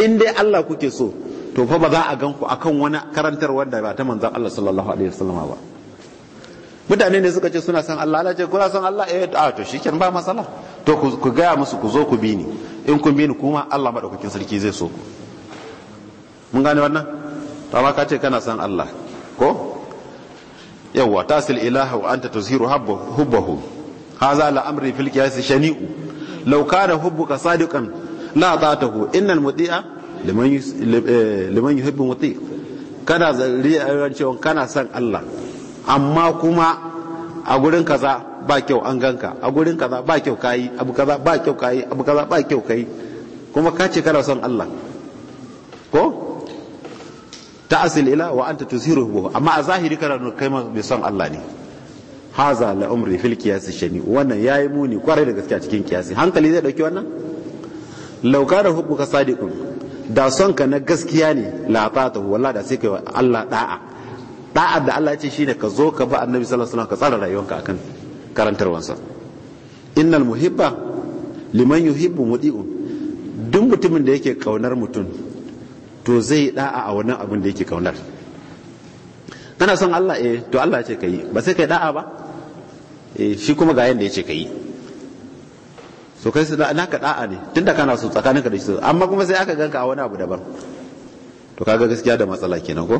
in dai Allah kuke so to fa ba za a ganku akan wani karantar wanda ba ta manzon Allah sallallahu alaihi wasallama ba mutane ne suka ce suna san Allah Allah ce kuna san Allah eh a ah, to shikenan ba masala to ku gaya musu ku zo ku bi ni in kun bi ni kuma Allah madaukakin sarki zai so ku mun gane wannan to ba ka ce kana san Allah ko yawwa tasil ilaha wa anta tuzhiru hubbahu haza al'amri fil qiyas shani'u law kana hubbuka sadiqan la ta'tahu innal muti'a liman liman yuhibbu muti kana zariyar cewa kana son Allah amma kuma a gurin kaza ba kyau an ganka a gurin kaza ba kyau kayi abu kaza ba kyau kayi abu kaza ba kyau kayi kuma ka ce kana son Allah ko ta asil ila wa anta tusiruhu amma a zahiri kana kai ma mai son Allah ne haza la umri fil qiyas shani wannan yayi muni kwarai da gaskiya cikin kiyasi hankali zai dauki wannan law kana ka sadiqun da son ka na gaskiya ne la ta'atahu wallahi da sai kai Allah da'a da'a da Allah ya ce shine ka zo ka ba annabi sallallahu alaihi wasallam ka tsara rayuwarka akan karantarwansa innal muhibba liman yuhibbu mudi'un duk mutumin da yake kaunar mutum to zai da'a a wannan abin da yake kaunar kana son Allah eh to Allah ya ce kai ba sai kai da'a ba Eh, shi kuma ga yanda ka yi so kai su ka da'a ne tun da kana so ka da shi amma kuma sai aka ganka a wani abu daban to kaga gaskiya da matsala kenan ko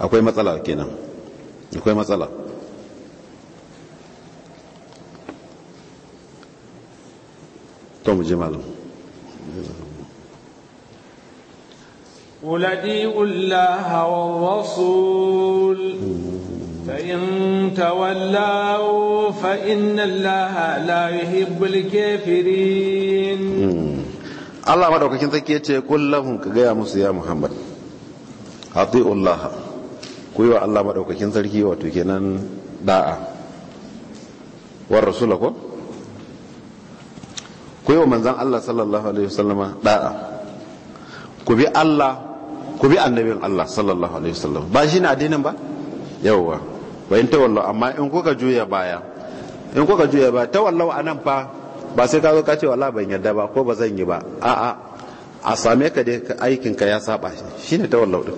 akwai matsala kenan akwai matsala to mu je malam ولدي الله والرسول فإن تولوا فإن الله لا يحب الكافرين الله مدوكاكين سكي يتي قل لهم كغيا موسى يا محمد اطيعوا الله كويوا الله مدوكاكين سركي واتو كينان دا'a war rasula ko ku yi wa manzan Allah sallallahu alaihi wasallama da'a ku bi Allah Allah sallallahu alaihi wasallam ba shi ne addinin ba yawwa wa in tawallu amma in kuka juya baya in kuka juya baya a anan fa ba sai ka zo ka ce wallahi ban yarda ba ko ba zan yi ba a'a a same ka dai aikin ka ya saba shi shine tawallau din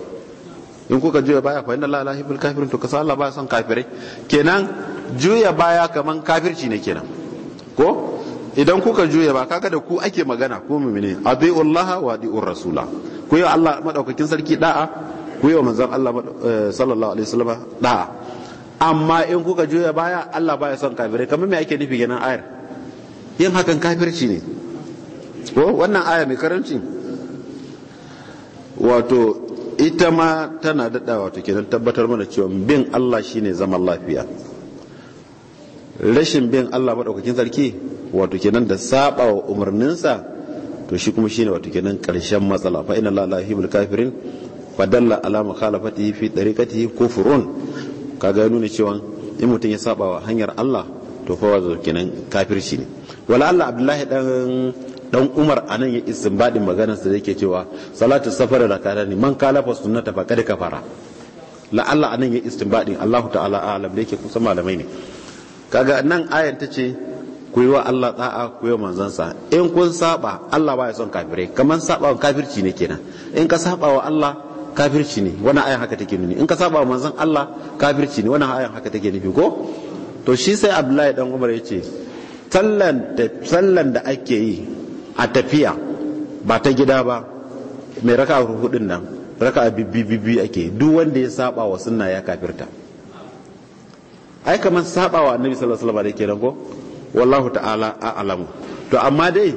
in kuka juya baya fa inna la ilaha illa kafirun to kasa Allah ba son kafirai kenan juya baya kaman kafirci ne kenan ko idan kuka juya ba kaga da ku ake magana ko mu'mini adiullaha wa adiur rasula ku yi Allah madaukakin sarki da'a ku yi wa manzon Allah eh, sallallahu alaihi wasallam da'a amma in kuka juya baya Allah baya son kafirai kamar me ake nufi ganin ayar yin hakan kafirci ne ko wannan aya mai karanci wato ita ma tana daɗa wato kenan tabbatar mana cewa bin Allah shine zaman lafiya rashin bin Allah maɗaukakin sarki wato kenan da saba wa umarninsa to shi kuma shine wato kenan ƙarshen matsala fa inna la ilaha kafirin fa dalla ala fi tariqatihi kufrun Ka ga nuna cewa in mutum ya saba wa hanyar Allah to fa wazo kenan kafirci ne wala Allah Abdullahi dan dan Umar anan ya istinbadin maganar sa yake cewa salatu safar rakata ne man kalafa sunnata fa ka kafara la Allah anan ya istinbadin Allah ta'ala alam da yake kusa malamai ne kaga nan ayar ce ku yi wa Allah tsa'a ku yi wa manzansa in kun saba Allah baya son kafirai kamar saba kafirci ne kenan in ka saba wa Allah kafirci ne wani ayan haka take nuni in ka saba manzon Allah kafirci ne wani ayan haka take nufi ko to shi sai Abdullahi dan Umar yace sallan da sallan da ake yi a tafiya ba ta gida ba mai raka hudun nan raka bibbi ake duk wanda ya saba wa sunna ya kafirta ai kaman saba wa annabi sallallahu alaihi wasallam da kenan ko wallahu ta'ala a'lamu to amma dai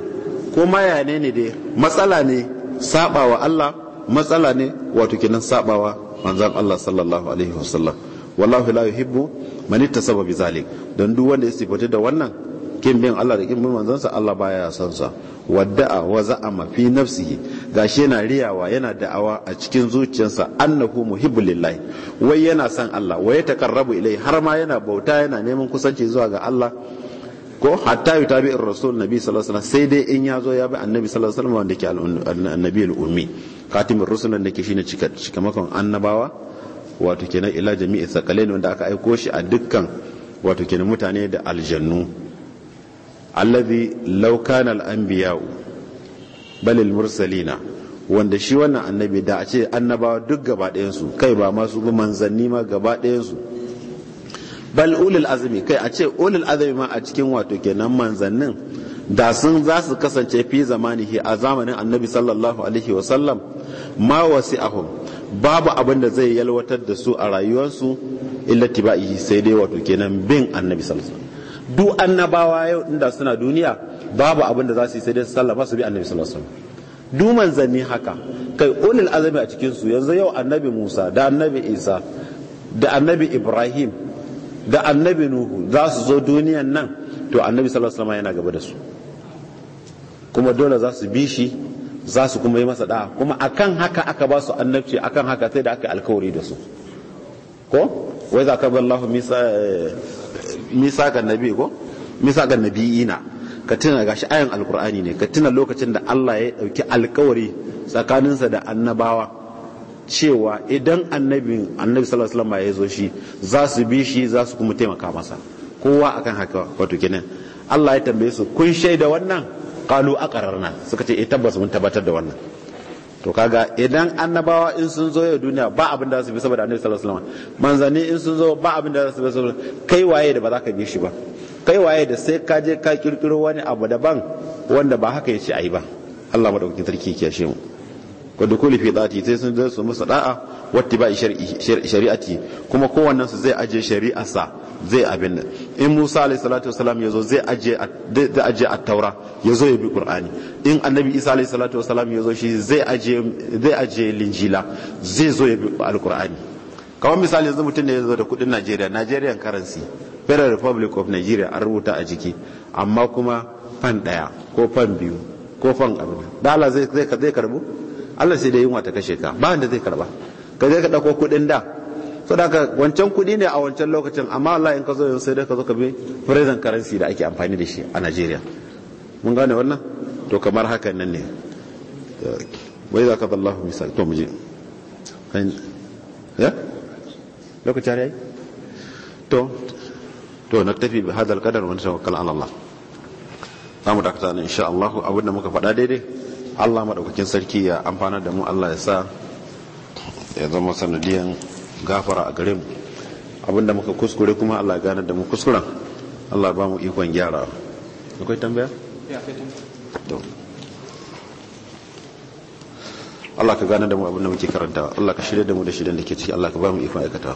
ko ma yane ne dai matsala ne saba wa Allah matsala ne wato kenan sabawa manzan Allah sallallahu alaihi wasallam wallahu la yuhibbu man ittasaba bi zalik dan duk wanda ya sifata da wannan kin bin Allah da kin bin manzon sa Allah baya son sa wadda'a wa za'ama fi nafsihi gashi yana riyawa yana da'awa a cikin zuciyarsa annahu muhibbu lillahi wai yana san Allah wai ya taqarrabu ilai har ma yana bauta yana neman kusanci zuwa ga Allah ko hatta yi tabi'in rasul nabi sallallahu alaihi wasallam sai dai in ya zo ya bi annabi sallallahu alaihi wasallam wanda ke annabi al-ummi katimin rusulan da ke shine cikamakon annabawa wato kenan ila jami'i sakalain wanda aka aiko shi a dukkan wato kenan mutane da aljannu allazi law kana al-anbiya'u bal al-mursalina wanda shi wannan annabi da a ce annabawa duk gaba ɗayansu kai ba masu bi manzanni ma gaba ɗayansu bal ulul azumi kai a ce ulul azumi ma a cikin wato kenan manzannin da sun za su kasance fi zamanihi a zamanin annabi sallallahu alaihi wasallam ma wasi ahun babu abin da zai yalwatar da su a rayuwarsu illa tiba'ihi sai dai wato kenan bin annabi sallallahu alaihi wasallam duk annabawa yau inda suna duniya babu abin da za su yi sai dai su sallama su bi annabi sallallahu alaihi wasallam duk manzanni haka kai ulul azami a cikin su yanzu yau annabi Musa da annabi Isa da annabi Ibrahim da annabi Nuhu za su zo duniyan nan to annabi sallallahu alaihi wasallam yana gaba da su kuma dole za su bi shi za su kuma yi masa da'a kuma akan haka aka ba su annabci akan haka sai da aka alkawari da su ko wai za ka bar lahu misa ga eh, nabi ko misa ga nabi'ina ka tuna gashi ayan alkur'ani ne ka tuna lokacin da Allah ya dauki alkawari tsakaninsa da annabawa cewa idan annabi annabi sallallahu alaihi wasallam ya zo shi za su bi shi za su kuma taimaka masa kowa akan haka wato kenan Allah ya tambaye su kun shaida wannan a aqararna suka ce eh tabbas mun tabbatar da wannan to kaga idan annabawa in sun zo yau duniya ba abin da su bi saboda annabi sallallahu alaihi wasallam manzanni in sun zo ba abin da su bi saboda kai waye da ba za ka bi shi ba kai waye da sai ka je ka kirkiro wani abu daban wanda ba haka yace ayi ba Allah madaukakin sarki ya kiyashe mu wadda kuli fi dati sai sun zai su musu da'a wata ba shari'ati kuma kowannen su zai aje shari'arsa zai abin nan in Musa alayhi salatu wasalam yazo zai aje zai aje at-taura yazo ya bi Qur'ani in Annabi Isa alayhi salatu wasalam yazo shi zai aje zai aje linjila zai zo ya bi al-Qur'ani kawai misali yanzu mutum ne yazo da kudin Najeriya Nigerian currency Federal Republic of Nigeria an rubuta a jiki amma kuma fan daya ko fan biyu ko fan abin dala zai karbu Allah sai da yunwa ta kashe ka ba wanda zai karba ka je ka dauko kudin da saboda wancan kudi ne a wancan lokacin amma Allah in ka zo yanzu sai dai ka zo ka bi present currency da ake amfani da shi a Nigeria mun gane wannan to kamar haka nan ne wai za ka zallahu misal to mu je ya lokacin yi to to na tafi bi hadal kadar wani tawakkal ala Allah za mu dakata ne insha Allah abinda muka faɗa daidai Allah maɗaukakin sarki ya amfana da mu Allah ya sa ya zama sanadiyan gafara a gare mu abinda muka kuskure kuma Allah gane da mu kuskuren Allah ba mu ikon gyara akwai tambaya to Allah ka gane da mu abinda muke karanta Allah ka shirya da mu da shirya da ke ciki Allah ka ba mu ikon aikata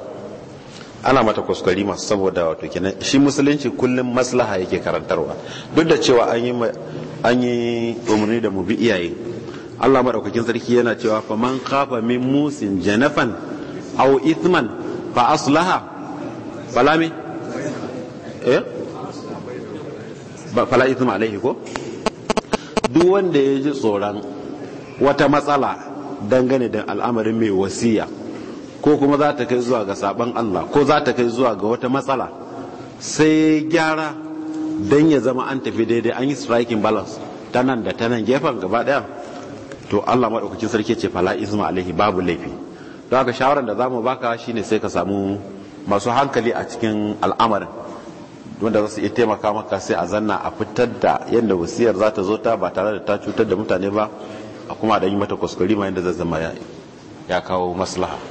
ana mata kuskure masu saboda wato kenan shi musulunci kullum maslaha yake karantarwa duk da cewa an yi an yi umarni da mu bi iyaye Allah madaukakin sarki yana cewa fa man khafa min musin janafan aw ithman fa aslaha fala me eh ba fala ithma alaihi ko duk wanda ya ji tsoron wata matsala dangane da al'amarin mai wasiya ko kuma za ta kai zuwa ga saban Allah ko za ta kai zuwa ga wata matsala sai gyara don ya zama an tafi daidai an yi striking balance ta nan da ta nan gefen gaba daya to Allah maɗaukacin sarki ce fala isma alaihi babu laifi don haka shawaran da za zamu baka shine sai ka samu masu hankali a cikin al'amarin wanda za su iya taimaka maka sai a zanna a fitar da yadda wasiyar za ta zo ta ba tare da ta cutar da mutane ba a kuma da yi mata kuskure ma yadda zai zama ya kawo maslaha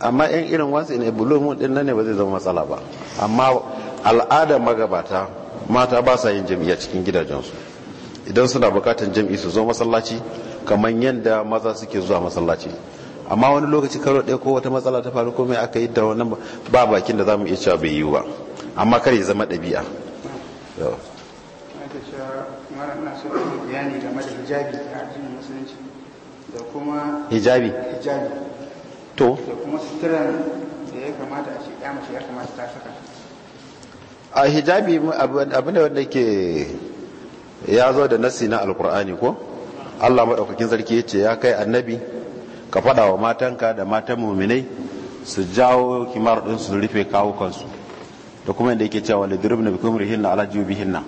amma yan irin wasu ne bulomu din nan ne ba zai zama matsala ba amma al'ada magabata mata ba sa yin jami'a cikin gidajensu idan suna bukatan jam'i su zo masallaci kamar yadda maza suke zuwa masallaci amma wani lokaci karo ɗaya ko wata matsala ta faru komai aka yi da wannan ba bakin da za mu iya cewa bai yiwu ba amma kar ya zama ɗabi'a hijabi to a hijabi abu da wanda ke ya zo da nasi na alkur'ani ko Allah maɗaukakin sarki ya ce ya kai annabi ka faɗa wa matanka da matan muminai su jawo kimar ɗin su rufe kawukansu da kuma yadda yake cewa durbin na bikin rihinna ala na,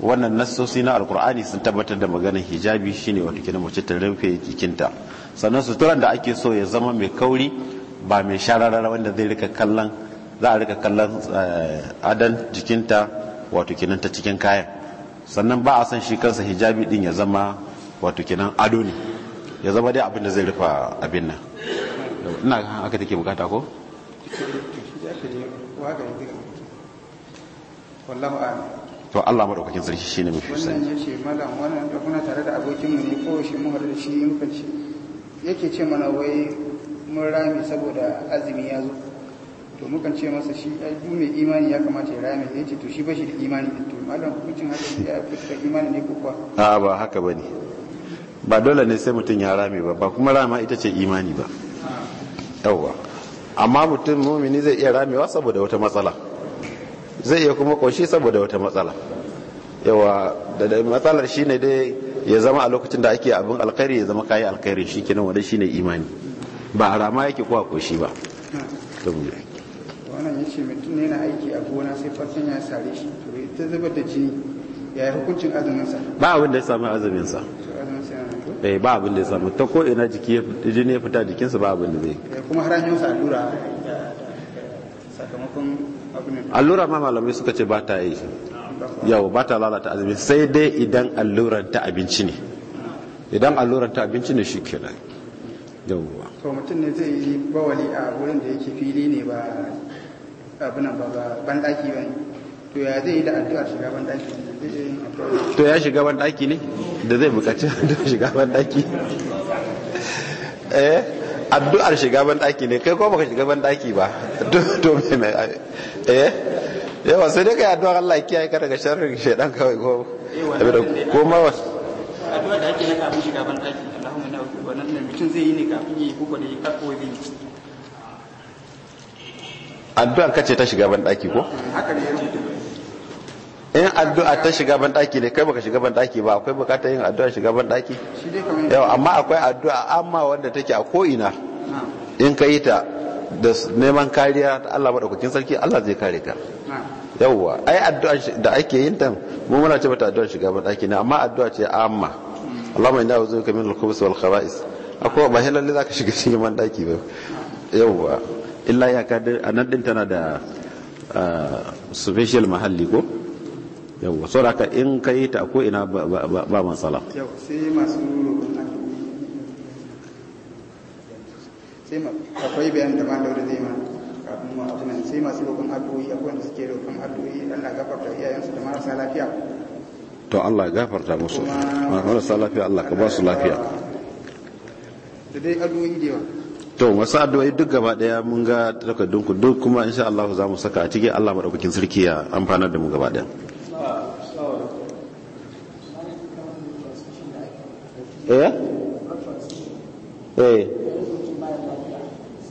wannan nasosi na alkur'ani sun tabbatar da maganin hijabi shine wata kina mace ta rufe jikinta sannan suturan da ake so ya zama mai kauri ba mai shararara wanda zai rika kallon za a rika kallon eh, adan jikinta wato kinan ta cikin kayan sannan ba a san shi kansa hijabi din ya zama wato kinan ado ne ya zama dai abin da zai rufa abin nan ina haka take bukata ko to Allah madaukakin sarki shine mafi sani wannan yace malam wannan da kuna tare da abokin mu ne ko shi mu da shi in kace yake ce mana wai mun rami saboda azumi ya zo to mukan ce masa shi ai duk mai imani ya kamata ya rami ne ce to shi ba shi da imani to malam hukuncin haka ya fita imani ne ko kuwa a ba haka bane ba dole ne sai mutum ya rami ba ba kuma rama ita ce imani ba yawwa amma mutum mumini zai iya ramewa saboda wata matsala zai iya kuma koshi saboda wata matsala yawa da matsalar shine dai ya zama a lokacin da ake abin alkhairi ya zama kayi alkhairi shi kenan wanda shi ne imani ba a rama yake ko a ƙoshi ba wannan ya mutum ne na aiki a gona sai farkon ya sare shi ta zubar da jini ya yi hukuncin azuminsa ba abin da ya sami azuminsa eh ba abin da ya samu ta ko ina jiki ya jini ya fita jikinsa ba abin da zai eh, kuma har an yi allura sakamakon allura ma malamai suka ce ba ta yi yawa ba ta lalata azumi sai dai idan alluran ta abinci ne idan alluran ta abinci ne shi kenan yawwa to mutum ne zai yi bawali a wurin da yake fili ne ba abinan ba daki ba to ya zai yi da addu'a shiga ban ne. to ya shiga ban daki ne da zai bukaci addu'a shiga ban daki eh addu'ar shiga ban daki ne kai ko baka shiga daki ba to me eh yawa sai dai ka yi addu'a Allah ya kiyaye ka daga sharrin shaidan kawai ko abin ko ma wa addu'a da ake naka kafin shiga ban daki Allahumma na wannan ne mutum zai yi ne kafin yi ko da ya ko zai yi addu'an kace ta shiga ban daki ko haka ne in addu'a ta shiga ban daki ne kai baka shiga ban daki ba akwai bukatar yin addu'a shiga ban daki yau amma akwai addu'a amma wanda take a ko ina in ka yi ta da neman kariya ta Allah madaukakin sarki Allah zai kare ka yawwa ai addu'a da ake yin ta mu muna ce bata addu'a shiga ba daki ne amma addu'a ce amma Allah mai inna a'udhuka kamin al-khubuthi wal khaba'is akwai ba hilalle zaka shiga cikin man daki ba yawwa illa ya ka anan din tana da special mahalli ko yawwa saboda in kai ta ko ina ba ba ba matsala yau sai masu roƙon sai ma akwai bayan da ma daure zai ma kafin ma abu nan sai masu roƙon addu'o'i akwai wanda suke roƙon addu'o'i Allah gafarta iyayensu da marasa lafiya to Allah gafarta musu marasa lafiya Allah ka ba su lafiya da dai addu'o'i da yawa to wasu addu'o'i duk gaba daya mun ga takardun ku duk kuma insha Allah za mu saka a cikin Allah madaukakin sarki ya amfana da mu gaba daya eh eh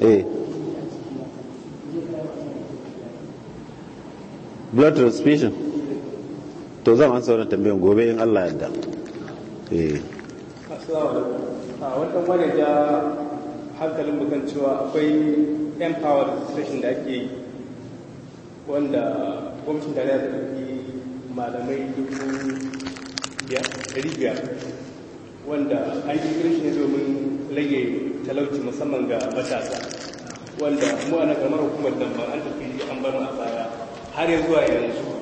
eh blood transfusion to zan an sauran tambayin gobe in Allah yadda eh a wannan wani ja hankalin bukan cewa akwai empowered station da ake yi wanda gwamnatin tarayya ya ɗauki malamai dubu biyar wanda an yi shi ne domin rage talauci musamman ga matasa wanda mu ana kamar hukumar da ba an tafi an bar a baya har ya zuwa yanzu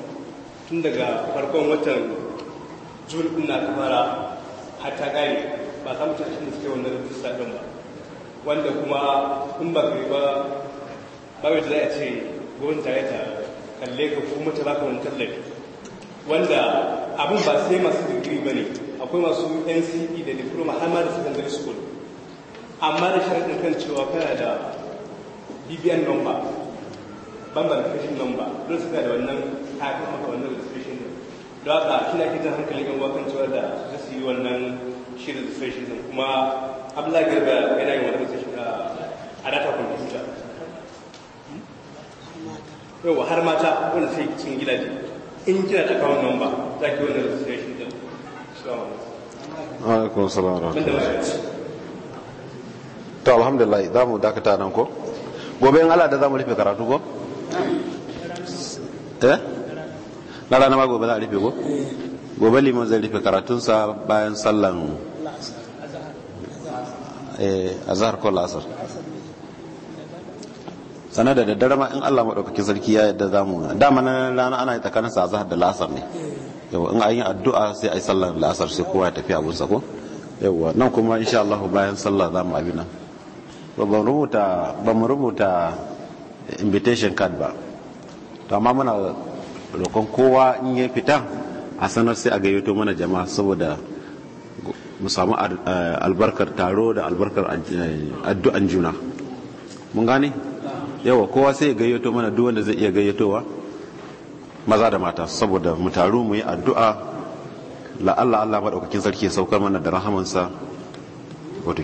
tun daga farkon watan juli din na kamara har ta gane ba samu shi da suke wannan rajista din ba wanda kuma in ba kai ba ba wai za a ce gwamnati ya ta kalle ka ko mata ka wani tallafi wanda abin ba sai masu digiri ba ne akwai masu nce da diploma har ma da secondary school amma da sharaɗin kan cewa kana da bbn number bambam fashin number don su da wannan kafin maka wannan registration din don haka shi na kitan hankali yan wakan cewa da su su yi wannan shi registration din kuma abla girba yana yin wannan registration ah, a data computer yau har mata wanda sai cikin gidaje in kina ta kawo number za ki wannan registration din. Alaikum salam wa rahmatullahi to alhamdulillah za mu dakata nan ko gobe in Allah da za mu rufe karatu ko eh na rana ma gobe za a rufe ko gobe liman zai rufe karatunsa bayan sallan eh azhar ko lasar sana da daddare ma in Allah maɗaukakin sarki ya yadda za mu dama na rana ana tsakanin sa azhar da lasar ne yau in an yi addu'a sai a yi sallar lasar sai kowa ya tafi abunsa ko yawa nan kuma insha Allah bayan sallah za mu abina ba mu rubuta invitation card ba to amma muna roƙon kowa in ya fita a sanar sai a gayyato mana jama'a saboda mu samu eh, albarkar taro da albarkar eh, addu'an juna mun gane yawa kowa sai ya gayyato mana duk wanda zai iya gayyatowa maza da mata saboda mu taru mu yi addu'a la Allah Allah madaukakin sarki ya saukar mana da rahamansa wato